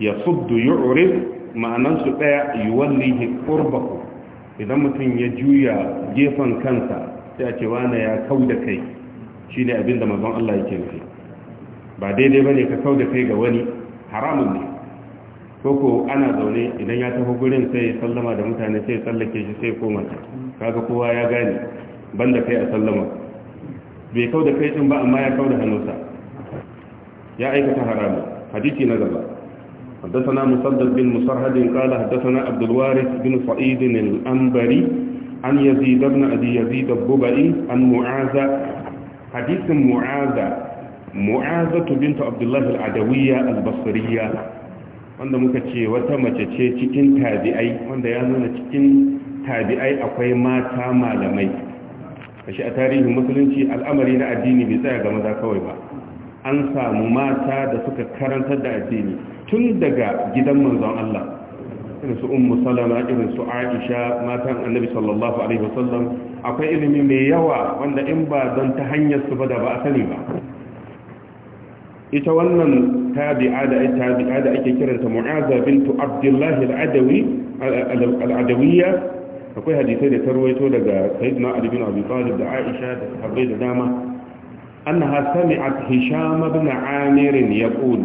yasuddu yu'rib ma'anan su daya yuwallihi qurbahu idan mutum ya juya gefen kansa sai a ce wani ya kau da kai shine abinda manzon Allah yake nufi ba daidai bane ka kau da kai ga wani haramun ne koko ana zaune idan ya tafi gurin sai sallama da mutane sai tsallake shi sai koma kaga kowa ya gane banda kai a sallama bai kau da kai din ba amma ya kau da hannunsa ya aikata haramu hadisi na gaba حدثنا مسدد بن مسرهد قال حدثنا عبد الوارث بن صعيد الأنبري عن يزيد بن أبي يزيد الضبئي عن معاذ حديث معاذ معاذة بنت عبد الله العدوية البصرية wanda muka ce wata mace ce cikin tabi'ai wanda ya nuna cikin tabi'ai akwai mata malamai kashi a tarihin musulunci al'amari na addini bai tsaya ga maza kawai ba an samu mata da suka karantar da addini tun daga gidan manzon Allah irin su ummu salama irin su aisha matan annabi sallallahu alaihi wasallam akwai ilimi mai yawa wanda in ba don ta hanyar su ba da ba a sani ba ita wannan tabi'a da tabi'a da ake kiranta mu'aza bintu abdullah al-adawi al-adawiyya akwai hadisai da tarwaito daga sayyidina ali bin abi talib da aisha da sahabbai da dama annaha sami'at hisham ibn amir yaqul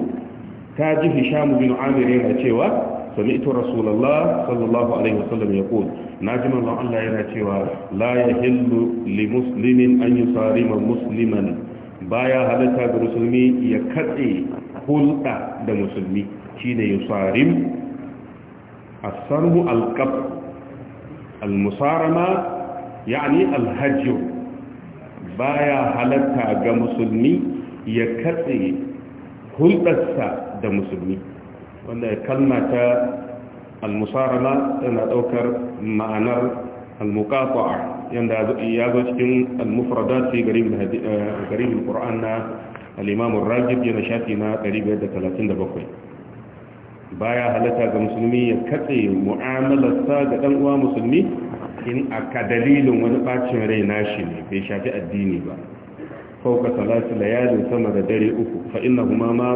ta ji hisham bin amir yana cewa sami'tu rasulullah sallallahu alaihi wasallam yaqul naji manzon Allah yana cewa la yahillu li muslimin an yusarima musliman baya halatta ga musulmi ya katse hulɗa da musulmi shine yusarim asarmu alƙaf, almusarama yani ba baya halatta ga musulmi ya katse hulɗarsa da musulmi wanda kalma ta almusarama tana ɗaukar ma'anar almuqata'a yanda ya zo cikin al-mufradat fi garib eh, garib al-Qur'an na al-Imam ar-Rajib yana shafi na baya halatta ga musulmi ya katse mu'amalarsa ga dan uwa musulmi in aka dalilin wani bacin rai nashi ne bai shafi addini ba fauka salatu layalin sama da dare uku fa innahuma ma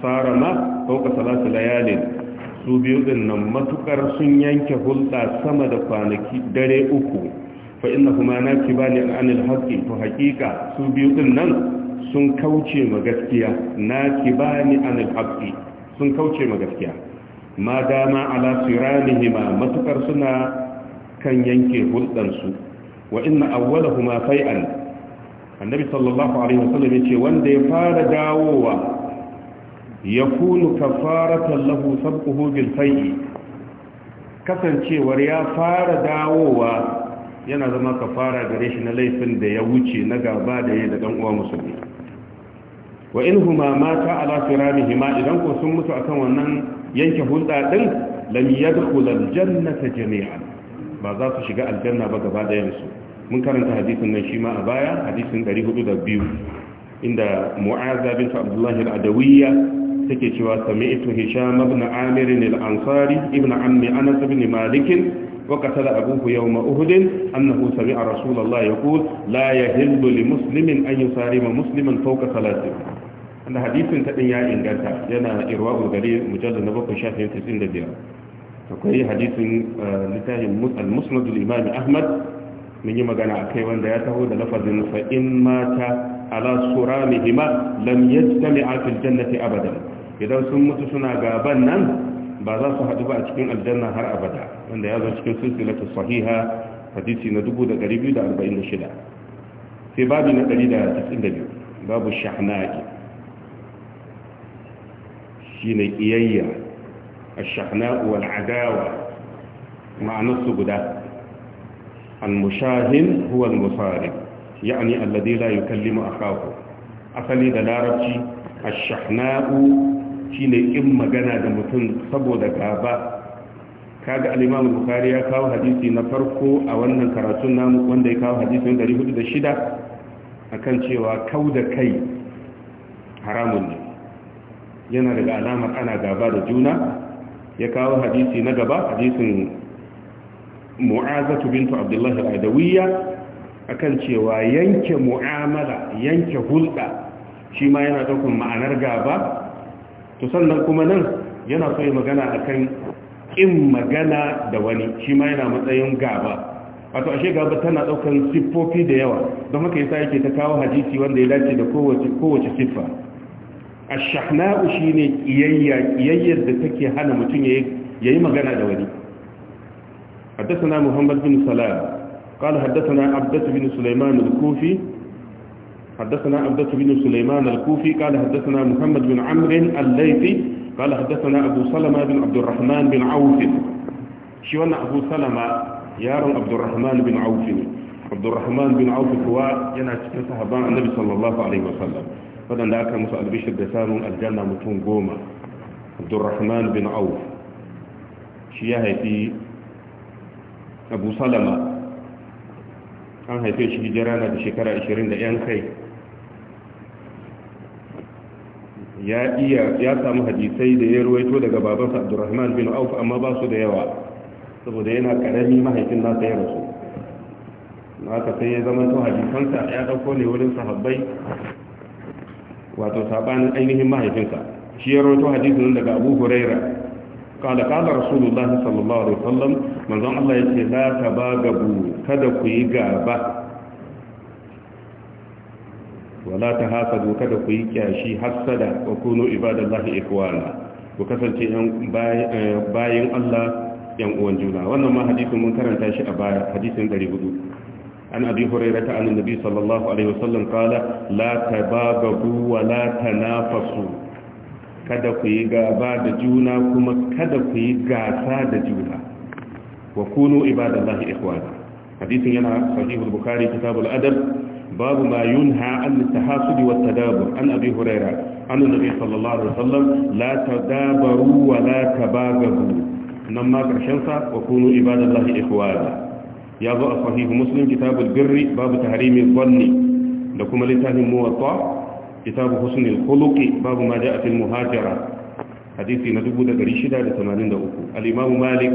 fara ma fauka salatu layalin su biyu din nan matukar sun yanke hulɗa sama da kwanaki dare uku fa inna kuma innahuma nakibani an al-haqqi to haƙiƙa su biyu ɗin nan sun kauce ma gaskiya Na nakibani an al-haqqi sun kauce ma gaskiya ma dama ala siranihima matukar suna kan yanke hulɗansu. wa inna awwalahuma fai'an annabi sallallahu alaihi wasallam ce wanda ya fara dawowa Ya yakunu kafaratan lahu sabquhu bil fai'i kasancewar ya fara dawowa yana zama ka fara gare shi na laifin da ya wuce na gaba da ya da ɗan uwa musulmi wa in huma mata ala ma idan ko sun mutu akan wannan yanke hulɗa din lam yadkhul aljannata jami'an ba za su shiga aljanna ba gaba da yansu mun karanta hadisin nan shi ma a baya hadisin 402 inda mu'aza bint abdullah al-adawiyya take cewa sami'tu hisham ibn amir al-ansari ibn ammi anas ibn malik وقتل أبوه يوم أهد أنه سمع رسول الله يقول لا يهل لمسلم أن يصارم مسلما فوق ثلاثة أن حديث تدين يا إنجلتا ينا إرواء الغريب مجلد نبوك شافين تسين دبير فكوي حديث لتاه المسند الإمام أحمد من يما كان أكي وان دياته لفظ فإن مات على سرامهما لم يجتمع في الجنة أبدا إذا سمت سنا غابا ba za su haɗu ba a cikin aljanna har abada wanda ya zo cikin silsilatu sahiha hadisi na 2246 sai babu na 192 babu shahnaki shine kiyayya ash-shahna wal adawa ma'anarsu guda al-mushahin huwa al-musarib yani alladhi la a akahu asali da larabci ash-shahna'u ne in magana da mutum saboda gaba kaga al-Imam Bukhari ya kawo hadisi na farko a wannan karatun namu wanda ya kawo hadisin 406 akan cewa kauda kai haramun ne yana daga alamar ana gaba da juna ya kawo hadisi na gaba hadisin mu'azatu bintu Abdullah al-Adawiyya akan cewa yanke mu'amala yanke hulɗa shi ma yana ɗaukar ma'anar gaba to sannan kuma nan yana so magana akan ƙin magana da wani shi ma yana matsayin gaba wato ashe gaba tana daukan siffofi da yawa don haka yasa yake ta kawo hadisi wanda ya dace da kowace kowace siffa ash-shahna'u shine kiyayya kiyayya da take hana mutum yayi magana da wani حدثنا محمد بن سلام قال حدثنا عبدة بن سليمان الكوفي حدثنا عبدة بن سليمان الكوفي قال حدثنا محمد بن عمرو الليثي قال حدثنا أبو سلمة بن عبد الرحمن بن عوف شوانا أبو سلمة يار عبد الرحمن بن عوف عبد الرحمن بن عوف هو cikin sahaban annabi sallallahu wadanda aka musu albishir da samun aljanna mutum goma عبد الرحمن بن عوف shi ya haifi abu salama an haife shi hijira na da shekara 20 da ya iya ya samu hadisai da ya ruwaito daga babansa abdurrahman bin auf amma ba su da yawa saboda yana karami mahaifin nasa ya rasu haka sai ya zama to hadisansa ya dauko ne wurin sahabbai wato sabanin ainihin mahaifinsa shi ya rawaito hadisin daga abu huraira Kada قال رسول الله صلى الله manzon Allah من ذا الله يتي لا تباغبوا kada ku yi gaba wala ta hasadu kada ku yi kyashi hasada wa kunu ibadallahi ikhwana ku kasance yan eh, bayin Allah yan uwan juna wannan ma hadisin mun karanta shi a baya hadisin 400 an abi hurairah ta annabi sallallahu alaihi wasallam kala la tababu wa la tanafasu kada ku yi gaba da juna kuma kada ku yi gasa da juna wa kunu ibadallahi ikhwana hadisin yana sahihul bukhari kitabul adab babu ma yunha an tahasudi wa tadabur an abi huraira an nabi sallallahu alaihi wasallam la tadabaru wa la tabagaru nan ma karshen sa wa kunu ibadallahi ikhwana ya zo a sahihu muslim kitabul birri babu tahrimin zanni da kuma littafin muwatta kitabu husnul khuluqi babu ma ja'a fil muhajara hadisi na 1683 al-imam malik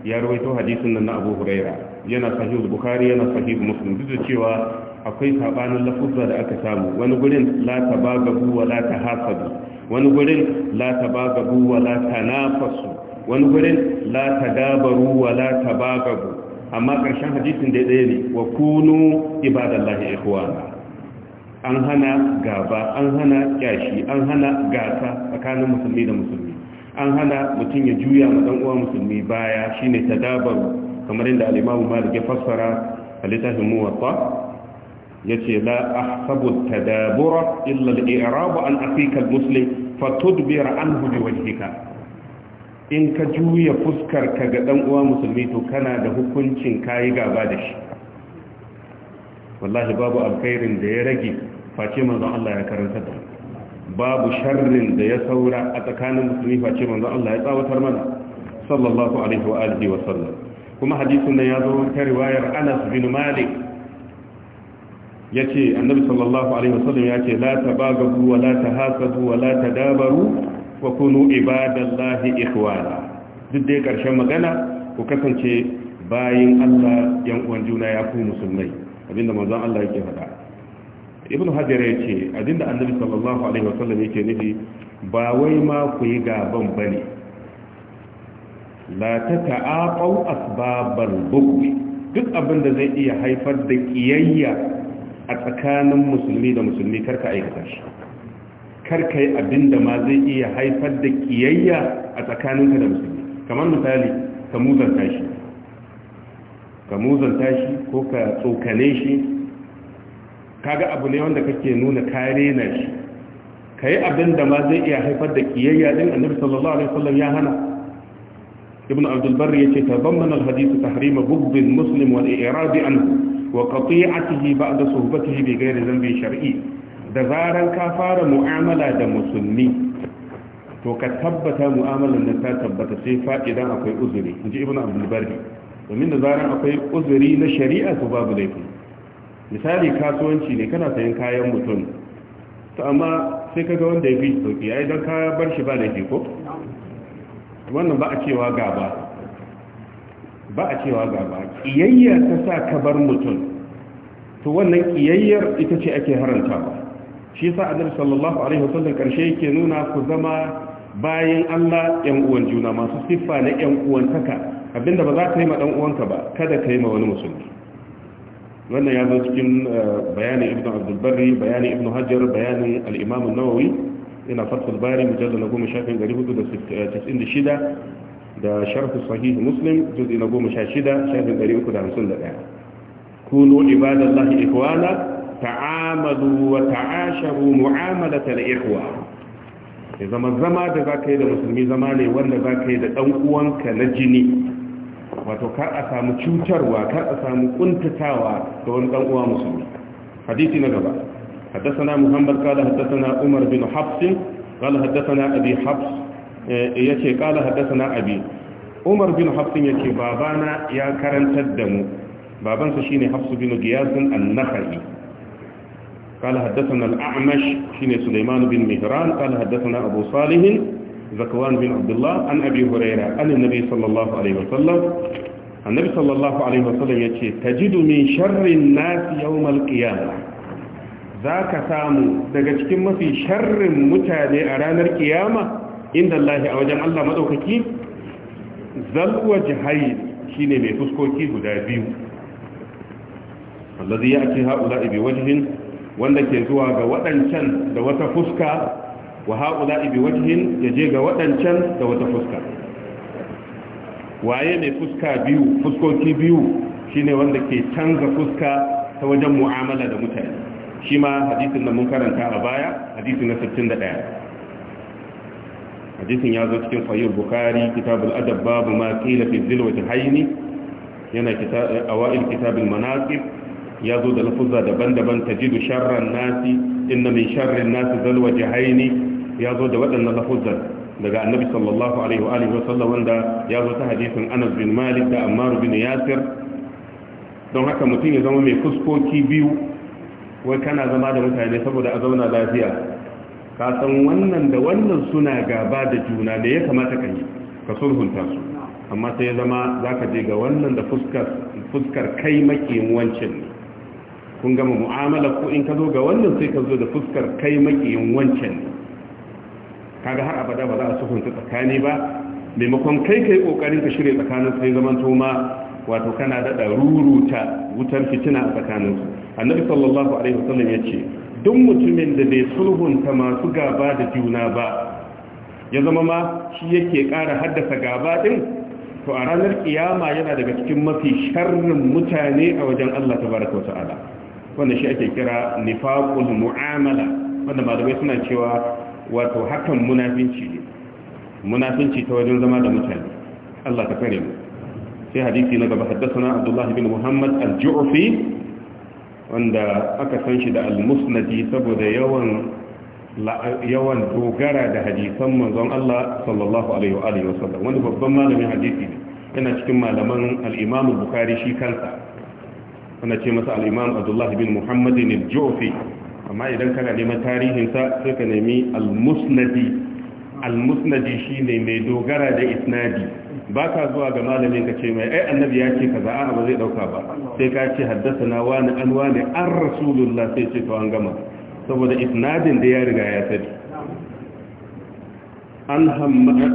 ya rawaito hadisin nan na abu huraira yana yana sahih muslim duk da cewa akwai sabanin lafuzza da aka samu wani gurin la tabagabu wa la tahasadu wani gurin la tabagabu wa la tanafasu wani gurin la tadabaru wa la tabagabu amma ƙarshen hadisin da ɗaya ne wa kunu ibadallahi ikhwana an hana gaba an hana kyashi an hana gasa tsakanin musulmi da musulmi an hana mutum ya juya ma dan uwa musulmi baya shine tadabaru kamar inda al imamu Malik ya fassara a littafin Muwatta yace la ahsabu tadabura illa al-i'rab an afika al-muslim fatudbir anhu biwajhika in ka juya fuskar ka ga dan uwa musulmi to kana da hukuncin kai gaba da shi wallahi babu alkhairin da ya rage face manzon Allah ya karanta da babu sharrin da ya saura a tsakanin musulmi face manzon Allah ya tsawatar mana sallallahu alaihi wa alihi wa sallam kuma hadisin nan ya zo ta riwayar Anas bin Malik ya ce annabi sallallahu alaihi wasallam ya ce la tabagabu wa la ta tahasadu wa la ta dabaru wa kunu ibadallahi ikhwana duk dai karshen magana ku kasance bayin Allah yan uwan juna ya ku musulmai abinda manzon Allah yake faɗa ibn hajar ya ce abinda annabi sallallahu alaihi wasallam yake nufi ba wai ma ku yi gaban bane la ta ta'aqaw asbabal bughd duk abinda zai iya haifar da kiyayya a tsakanin musulmi da musulmi karka aikata shi karka yi abin da ma zai iya haifar da kiyayya a tsakaninka da musulmi kamar misali ka muzanta shi ka muzanta shi ko ka tsokane shi kaga abu ne wanda kake nuna kare na shi ka yi abin da ma zai iya haifar da kiyayya din annabi sallallahu alaihi wasallam ya hana ibn abdul barri yace tabammana al-hadith tahrim bughd muslim wal i'rad anhu wa qati'atihi ba'da suhbatihi bi ghairi dhanbi shar'i da zaran ka fara mu'amala da musulmi to ka tabbata mu'amalan da ta tabbata sai fa idan akwai uzuri inji ibnu abdul barri domin da zaran akwai uzuri na shari'a to babu laifi misali kasuwanci ne kana sayan kayan mutum to amma sai kaga wanda ya fi sauki ai dan ka bar shi ba laifi ko wannan ba a cewa gaba ba a cewa gaba kiyayya ta sa ka bar mutum to wannan kiyayyar ita ce ake haranta ba. shi yasa annabi sallallahu alaihi wasallam karshe yake nuna ku zama bayan Allah yan uwan juna masu siffa na yan uwantaka abinda ba za ka yi ma dan uwanka ba kada ka yi ma wani musulmi wannan ya zo cikin eh, bayanin ibnu abdul barri bayanin ibnu hajar bayanin al-imam an-nawawi ina fatul bari mujallal 10 shafin 496 da sharhu sahih muslim juz'i na goma sha shida shafin ɗari uku da hamsin da ɗaya kunu ibadallahi ikhwana ta'amalu wa ta'asharu mu'amalatal ikhwa ya zama zama da za ka yi da musulmi zama ne wanda za ka yi da ɗan uwanka na jini wato kar a samu cutarwa kar a samu kuntatawa da wani ɗan uwa musulmi hadisi na gaba haddasa na muhammad حدثنا haddasa na umar bin بن حفص haddasa na أبي حفص Eh, ya ce ƙala haddasa na abi umar bin hafsin ya ce babana ya karantar da mu babansa shi ne hafsu bin giyasun annahari kala haddasa na al'amash shi ne suleiman bin mihran kala haddasa na abu salihin zakawan bin abdullah an abi huraira an nabi sallallahu alaihi wasallam annabi sallallahu alaihi wasallam ya ce tajidu min sharrin nasi yawmal qiyamah ka samu daga cikin mafi sharrin mutane a ranar kiyama inda Allah a wajen Allah madaukaki zalwa jihari ne mai fuskoki guda biyu allazi ya'ti haula bi wajihin wanda ke zuwa ga waɗancan da wata fuska wa haula bi wajhin yaje ga waɗancan da wata fuska waye mai fuska biyu fuskoki biyu shi ne wanda ke canza fuska ta wajen mu'amala da mutane shi ma hadisin da mun karanta a baya hadisin na 61 hadisin ya zo cikin sahih bukhari kitabul adab babu ma qila fi dhilwati hayni yana kitab awail kitabul manaqib ya zo da lafuzza daban-daban tajidu sharran nasi inna min sharrin nasi zalwa jahaini ya zo da waɗannan lafuzzan daga annabi sallallahu alaihi wa alihi wasallam wanda ya zo ta hadisin Anas bin Malik da Ammar bin Yasir don haka mutum ya zama mai fuskoki biyu wai kana zama da mutane saboda a zauna lafiya ka san wannan da wannan suna gaba da juna da ya kamata ka yi ka sulhunta su amma sai ya zama za ka je ga wannan da fuskar kai makiyin wancan kun gama mu'amala ko in ka zo ga wannan sai ka zo da fuskar kai makiyin wancan kaga har abada ba za a sulhunta tsakani ba maimakon kai kai kokarin ka shirya tsakanin sai zaman toma wato kana dada ruruta wutar fitina a tsakaninsu annabi sallallahu alaihi wasallam ya ce duk mutumin da bai sulhunta masu gaba da juna ba ya zama ma shi yake ƙara haddasa gaba ɗin to a ranar kiyama yana daga cikin mafi sharrin mutane a wajen Allah tabaraka wa wanda shi ake kira nifaqul mu'amala wanda malamai suna cewa wato hakan munafinci ne munafinci ta wajen zama da mutane Allah ka kare mu sai hadisi na gaba haddathana Abdullah bin Muhammad al-Ju'fi wanda aka san shi da almusnadi saboda yawan yawan dogara da hadisan manzon Allah sallallahu alaihi wa alihi wasallam wani babban malamin hadisi ne yana cikin malaman al-Imam Bukhari shi kansa wanda ce masa al-Imam Abdullah bin Muhammad al-Jufi amma idan kana neman tarihin sa sai ka nemi al-Musnadi al-Musnadi shine mai dogara da isnadi ba ka zuwa ga malami ka ce mai ai annabi ya ce kaza a ba zai dauka ba sai ka ce haddasa na wani an wani an rasulullah sai ce to an gama saboda isnadin da ya riga ya sani an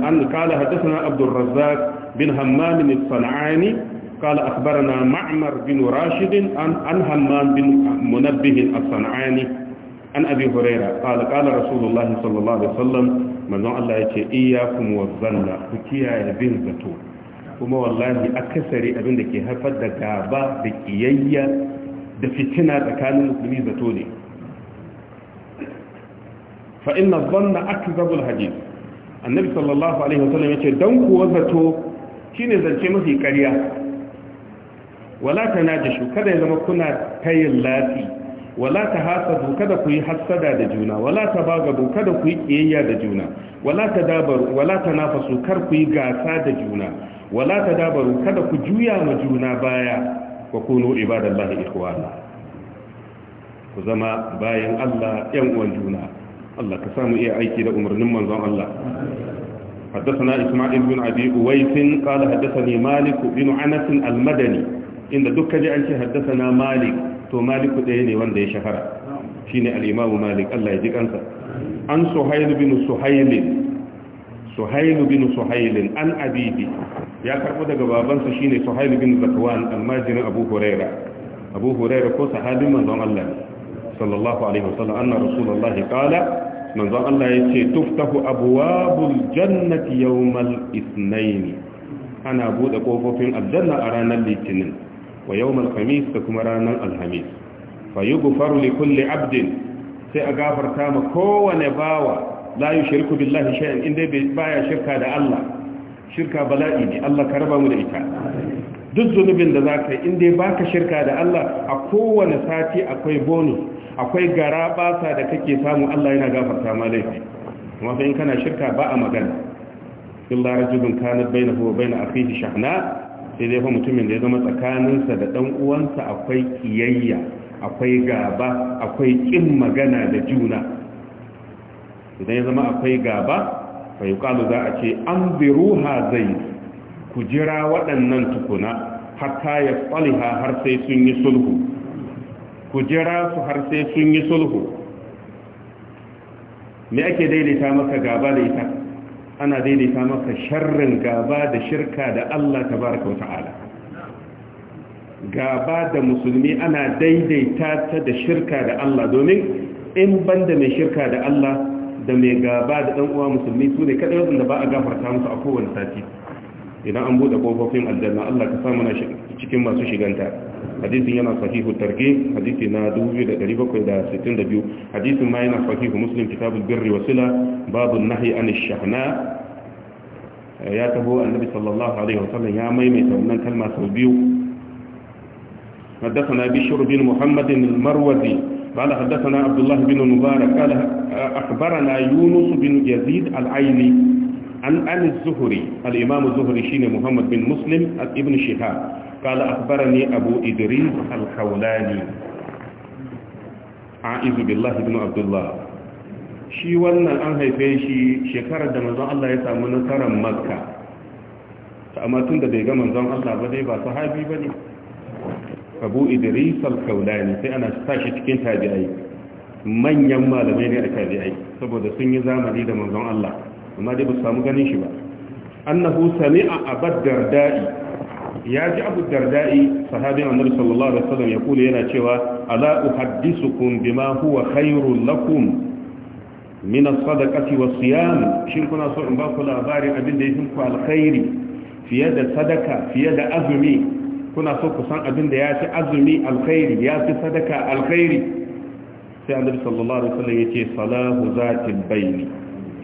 an kala haddathana abdul razzaq bin hammam bin sanani قال أخبرنا معمر bin راشد عن عن همام بن منبه الصنعاني عن أبي هريرة قال قال رسول الله صلى manzon Allah ya ce iyyakum wazanna ku kiyaye bin zato kuma wallahi akasari abin da ke haifar da gaba da kiyayya da fitina tsakanin musulmi zato ne fa inna dhanna akdhabul hadith annabi sallallahu alaihi wasallam yace dan kuwa zato shine zance mafi karya. wala tanajishu kada ya zama kuna tayin lati wala ta hasadu kada ku yi hassada da juna wala ta bagadu kada ku yi kiyayya da juna wala ta dabaru wala ta nafasu kar ku yi gasa da juna wala ta dabaru kada ku juya ma juna baya wa kunu ibadallahi ikhwana ku zama bayan Allah yan uwan juna Allah ka samu iya aiki da umarnin manzon Allah حدثنا إسماعيل بن أبي أويس قال حدثني مالك بن عنس المدني إن دك جاء حدثنا مالك to maliku ɗaya ne wanda ya shahara shine al-imamu malik Allah ya ji kansa an suhailu binu suhailin suhailu binu suhailin an abibi ya karɓi daga babansa shi shine suhailu bin zakwan almajirin abu huraira abu huraira ko sahabin manzon Allah sallallahu alaihi wasallam anna rasulullahi qala manzon Allah ya yace tuftahu abwabul jannati yawmal ithnain ana bude kofofin aljanna a ranar litinin wa yawmal khamis da kuma ranar alhamis fa gufaru li kulle abdin sai a gafarta ma kowane bawa la yushriku billahi shay'an inda baya shirka da Allah shirka bala'i ne Allah ka raba mu da ita duk zunubin da zaka yi inda baka shirka da Allah a kowane sati akwai bonus akwai gara basa da kake samu Allah yana gafarta ma laifi kuma sai in kana shirka ba a magana illa rajulun kana bainahu wa bain akhihi shahna sai dai fa mutumin da ya zama tsakaninsa da ɗan uwansa akwai kiyayya akwai gaba akwai kin magana da juna idan ya zama akwai gaba fa yuqalu za a ce an anziruha zai ku jira waɗannan tukuna ta ya tsaliha har sai sun yi sulhu ku jira su har sai sun yi sulhu me ake daidaita maka gaba da ita ana daidaita maka sharrin gaba da shirka da Allah tabaraka wata'ala gaba da musulmi ana daidaita ta da shirka da Allah domin in banda mai shirka da Allah da mai gaba da ɗan'uwa musulmi su ne kadai da ba a gafarta musu a kowane sati idan an buɗe kofofin aljanna Allah ka samu na cikin masu shiganta hadisin yana sahihu targhib hadisi na 2762 hadisin ma yana sahihu muslim kitabul birri wasila babun nahyi anish shahna ya tabo annabi sallallahu alaihi wasallam ya maimaita wannan kalma sau biyu حدثنا بشر بن محمد المروزي قال حدثنا عبد الله بن المبارك قال أخبرنا يونس بن يزيد العيني عن أن الزهري الإمام الزهري شين محمد بن مسلم ابن شهاب قال أخبرني أبو إدريس الخولاني عائذ بالله بن عبد الله shi wannan an haife shi shekarar da manzon Allah ya samu nasarar makka ta amma tun bai ga manzon Allah ba dai ba sahabi ba ne abu idris al sai ana sashi cikin tabi'ai manyan malamai ne a tabi'ai saboda sun yi zamani da manzon Allah amma dai su samu ganin shi ba An annahu sami'a abaddar darda'i ya ji abu dardai sahabin annabi sallallahu alaihi wasallam ya kula yana cewa ala uhaddisukum bima huwa khairul lakum min as-sadaqati was-siyam shin kuna so in ba ku labarin abin da yake ku alkhairi fiye da sadaka fiye da azumi kuna so ku san abin da ya fi azumi alkhairi ya fi sadaka alkhairi sai annabi sallallahu alaihi wasallam yace salahu zatil bayni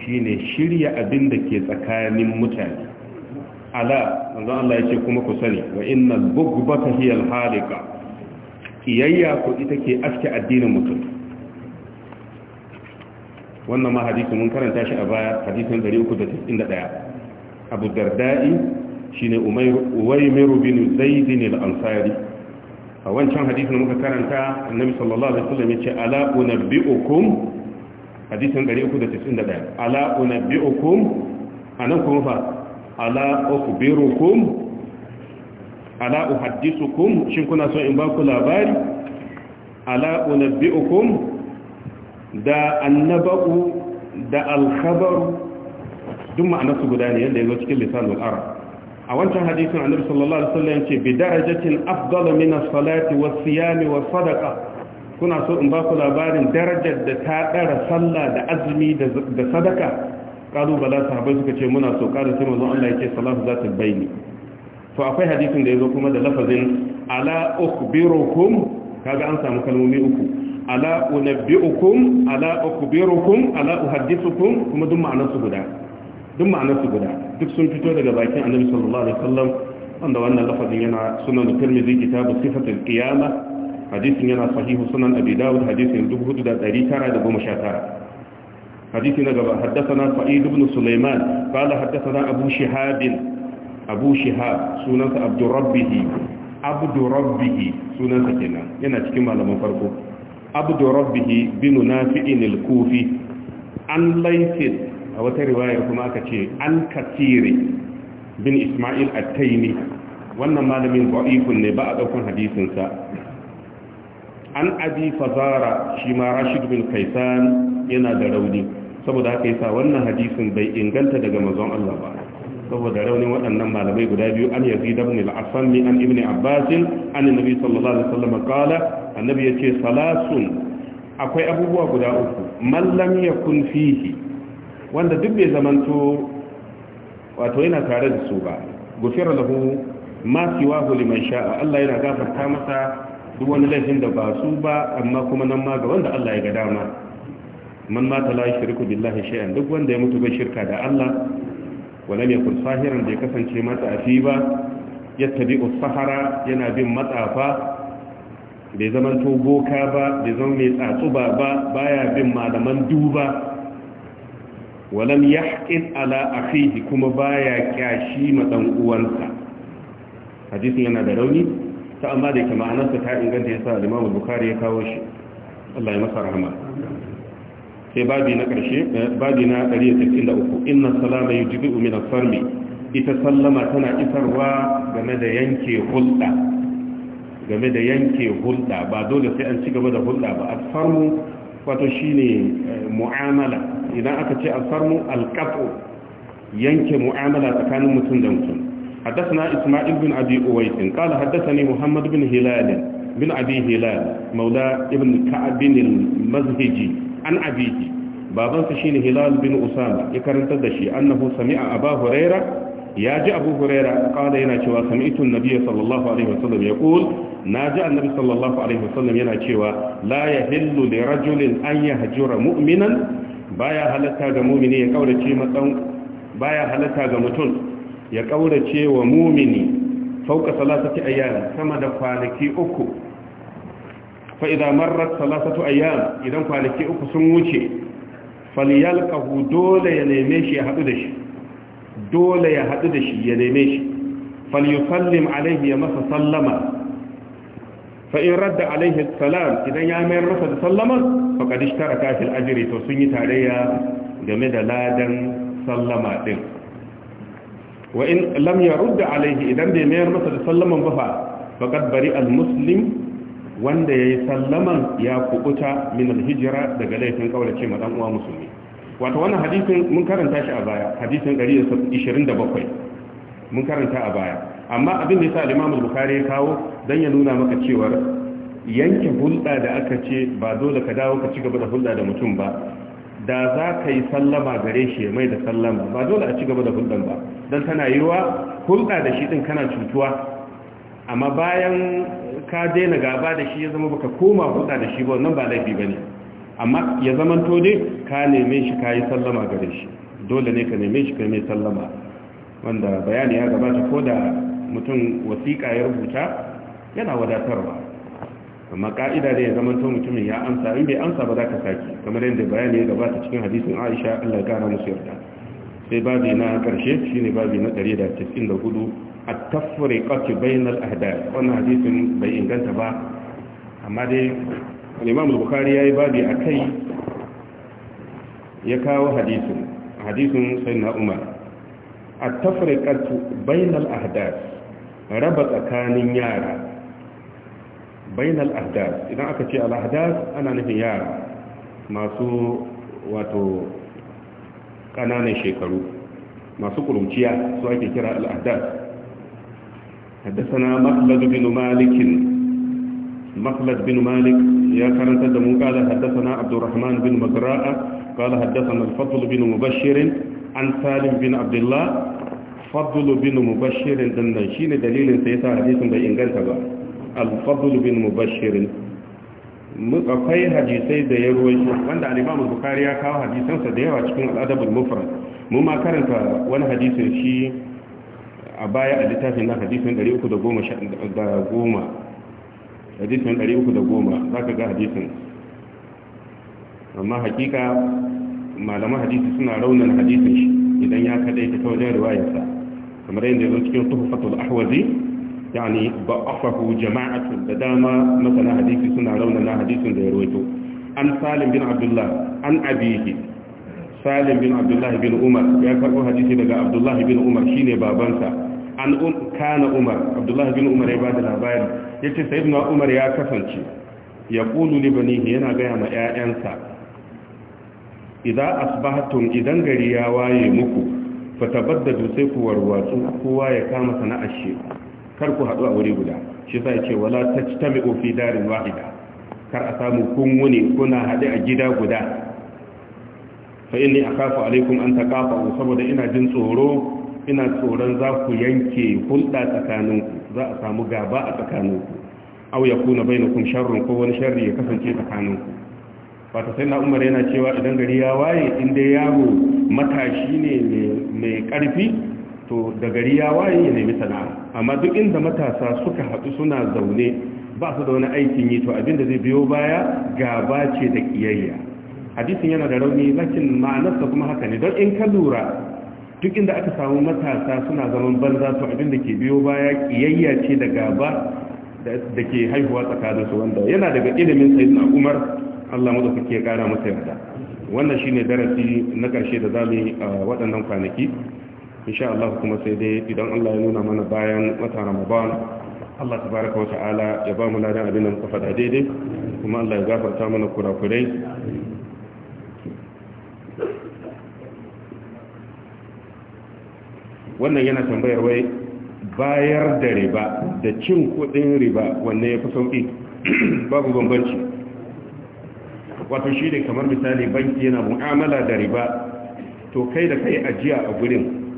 shine shirya abin da ke tsakanin mutane ala manzon Allah ya ce kuma ku sani wa innal bughbata hiya al-halika kiyayya ko ita ke aske addinin mutum wannan ma hadisi mun karanta shi a baya hadisin 391 Abu Darda'i shine Umayr Uwaymir bin Zaid al-Ansari a wancan hadisin muka karanta Annabi sallallahu alaihi wasallam ya ce ala unabbiukum hadisin 391 ala unabbiukum anan kuma fa ala ukhbirukum ala uhaddithukum shin kuna so in ba ku labari ala unabbi'ukum da annabu da alkhabaru duk su guda ne yadda ya zo cikin lisanul arab a wancan hadisin annabi sallallahu alaihi wasallam ce bi darajatin afdal min as-salati was-siyami was-sadaqa kuna so in ba ku labarin darajar da ta dara sallah da azumi da sadaka kalu bala sahabbai suka ce muna so karin sai manzon Allah yake salatu zata ta bayni to akwai hadisin da yazo kuma da lafazin ala ukhbirukum kaga an samu kalmomi uku ala unabbiukum ala ukhbirukum ala uhaddithukum kuma duk ma'anar su guda duk ma'anar su guda duk sun fito daga bakin annabi sallallahu alaihi wasallam wanda wannan lafazin yana sunan tirmidhi kitabu sifatul qiyamah hadisin yana sahihu sunan abi dawud hadisin 4919 حديث نقبة حدثنا سعيد بن سليمان قال حدثنا أبو شهاب أبو شهاب سنة عبد ربه عبد ربه سنة كنا ينا تكما لما فرقه عبد ربه بن نافع الكوفي عن ليث أو رواية كما كتير عن كثير بن إسماعيل التيمي wannan malamin ba'ifun ne ba a ɗaukun hadisinsa an abi fazara shi ma rashid bin kaisan yana da rauni saboda haka yasa wannan hadisin bai inganta daga manzon Allah ba saboda raunin waɗannan malamai guda biyu an yazi da ibn al-asami an ibn abbasin an annabi sallallahu alaihi wasallam qala annabi yace salasun akwai abubuwa guda uku man lam yakun fihi wanda duk bai zamanto wato yana tare da su ba gufira lahu ma siwahu liman sha'a Allah yana gafarta masa duk wani laifin da ba su ba amma kuma nan ma ga wanda Allah ya ga dama man mata la shirku billahi shay'an duk wanda ya mutu bai shirka da Allah walam yakun sahiran da ya kasance mata afi ba yattabi'u sahara yana bin matsafa bai zaman to boka ba bai zama mai tsatsu ba baya bin malaman duba walam yahqin ala akhihi kuma baya kyashi ma dan uwansa hadisin yana da rauni ta amma da ke ma'anarsa ta inganta yasa al-Imam Bukhari ya kawo shi Allah ya masa rahama sai babi na ƙarshe eh, babi na 163 inna salama yujbi'u min as-sarmi ita sallama tana isarwa game da yanke hulɗa game da yanke hulɗa ba dole sai an ci gaba da hulɗa ba as-sarmu wato ne eh, mu'amala idan aka ce as-sarmu al-qat'u yanke mu'amala tsakanin mutum da mutum حدثنا إسماعيل بن أبي أويس قال حدثني محمد بن هلال بن أبي هلال مولى ابن كعب المزهجي an abiji babansa shine hilal bin usama ya karantar da shi annahu sami'a aba huraira ya ji abu huraira kada yana cewa sami'tu nabiyyi sallallahu alaihi wasallam na ji annabi sallallahu alaihi wasallam yana cewa la yahillu li rajulin an yahjura mu'minan baya halatta ga mu'mini ya kaurace matsan baya halatta ga mutum ya kaurace wa mu'mini fauka salatati ayyam sama da kwanaki uku fa idan marrat salasatu ayyam idan kwanaki uku sun wuce falyalqahu dole ya neme shi ya haɗu da shi dole ya haɗu da shi ya neme shi falyusallim alaihi ya masa sallama fa in radda alaihi salam idan ya mayar masa da sallama fa kad ishtaraka fil ajri to sun yi tarayya game da ladan sallama din wa in lam yarudda alaihi idan bai mayar masa da sallaman ba fa faqad bari al muslim wanda ya yi sallaman ya kubuta min alhijira daga laifin kaulace madan uwa musulmi wato wannan hadisin mun karanta shi a baya hadisin 127 mun karanta a baya amma abin da yasa al-Imam al-Bukhari ya kawo dan ya nuna maka cewa yanke hulɗa da aka ce ba dole ka dawo ka cigaba da hulɗa da mutum ba da za ka yi sallama gare shi mai da sallama ba dole a cigaba da hulɗan ba Dan tana yiwa hulɗa da shi ɗin kana cutuwa amma bayan ka daina gaba da shi ya zama baka koma kusa da shi ba wannan ba laifi bane amma ya zaman to ne ka neme shi ka yi sallama gare shi dole ne ka neme shi ka mai sallama wanda bayani ya gabata ko da mutum wasiƙa ya rubuta yana wadatarwa amma ka'ida ne ya zaman to mutumin ya amsa in bai amsa ba za ka saki kamar yadda bayani ya gabata cikin hadisin aisha allah ya kara musu yarda sai babi na karshe shine babi na 194 at-tafriqatu bainal ahdath wannan hadisin bai inganta ba amma dai al-Imam al-Bukhari yayi babi kai ya kawo hadisin hadisin sayyidina Umar at-tafriqatu bainal ahdath raba tsakanin yara bainal ahdath idan aka ce al ana nufin yara masu wato kananan shekaru masu kurumciya su ake kira al'adar حدثنا مخلد بن مالك مخلد بن مالك يا كرنت دمو قال حدثنا عبد الرحمن بن مزراء قال حدثنا الفضل بن مبشر عن سالم بن عبد الله فضل بن مبشر دنا دليل سيسا حديث bai inganta ba al bin akwai hadisai da ya shi wanda al bukari ya kawo hadisansa da yawa cikin al-adab al-mufrad ma karanta wani hadisin shi a baya a littafin na hadisin 310 hadisin 310 za ka ga hadisin amma hakika malaman hadisi suna raunin hadisin shi idan ya kadai ta wajen riwayarsa kamar yadda yanzu cikin tuhufatul ahwazi yani ba afahu jama'atu da dama masana hadisi suna raunin hadisin da ya rawaito an salim bin abdullahi an abihi salim bin abdullahi bin umar ya karɓo hadisi daga abdullahi bin umar shine babansa an um, kana umar abdullahi bin umar ya bada labari yace sayyidina umar ya kasance ya qulu li yana gaya ma yayansa idza asbahtum idan gari ya waye muku fatabaddadu sai ku warwatsu kowa ya kama sana'ar shi kar ku haɗu a wuri guda shi yasa yace wala tajtami'u fi darin wahida kar a samu kun wuni kuna haɗe a gida guda fa inni akafu alaikum an taqafu saboda ina jin tsoro ina tsoron za ku yanke hulɗa tsakaninku za a samu gaba a tsakaninku aw yakuna bainakum sharrun ko wani sharri ya kasance tsakaninku ta sai na umar yana cewa idan gari ya waye in dai yaro matashi ne mai karfi to da gari ya waye ya nemi sana'a amma duk inda matasa suka haɗu suna zaune ba su da wani aikin yi to abinda zai biyo baya gaba ce da kiyayya hadisin yana da rauni lakin ma'anarsa kuma haka ne don in ka lura duk inda aka samu matasa suna zaman banza to abin da ke biyo baya kiyayya ce da gaba da ke haihuwa tsakanin su wanda yana daga ilimin sayyidina Umar Allah madaukake ya kara masa yarda wannan shine darasi na karshe da zamu yi a waɗannan kwanaki insha Allah kuma sai dai idan Allah ya nuna mana bayan wata Ramadan Allah tabaaraka wa ta'ala ya ba mu ladan abin da muka faɗa daidai kuma Allah ya gafarta mana kurakurai wannan yana tambayar wai bayar da riba da cin kudin riba wanne ya fi sauƙi babu bambanci wato shi ne kamar misali banki yana mu'amala da riba to kai da kai ajiya a gurin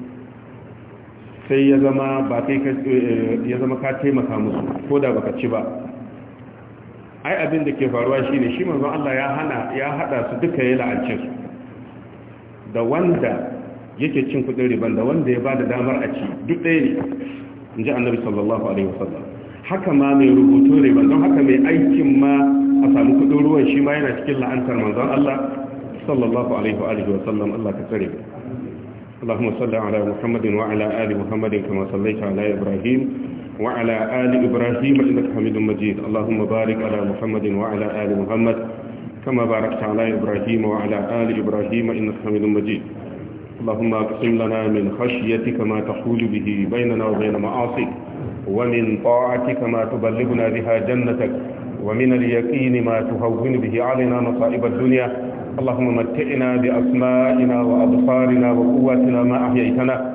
sai ya zama ba kai eh, ya zama ka taimaka musu ko da baka ci ba ai abin da ke faruwa shi ne shi manzon Allah ya hana ya hada su duka ya la'ance su da wanda yake cin kudin riban da wanda ya bada damar a ci duk ɗaya ne in ji annabi sallallahu alaihi wasallam haka ma mai rubutu riban don haka mai aikin ma a samu kudin ruwan shi ma yana cikin la'antar manzon Allah sallallahu alaihi wa alihi wasallam Allah ka tsare mu اللهم صل على ali وعلى آل محمد كما صليت على إبراهيم وعلى آل إبراهيم إنك حميد مجيد اللهم بارك على محمد وعلى آل محمد كما باركت على إبراهيم وعلى آل إبراهيم إنك حميد مجيد اللهم اقسم لنا من خشيتك ما تحول به بيننا وبين معاصيك ومن طاعتك ما تبلغنا بها جنتك ومن اليقين ما تهون به علينا مصائب الدنيا اللهم متئنا بأسمائنا وأبصارنا وقواتنا ما أحييتنا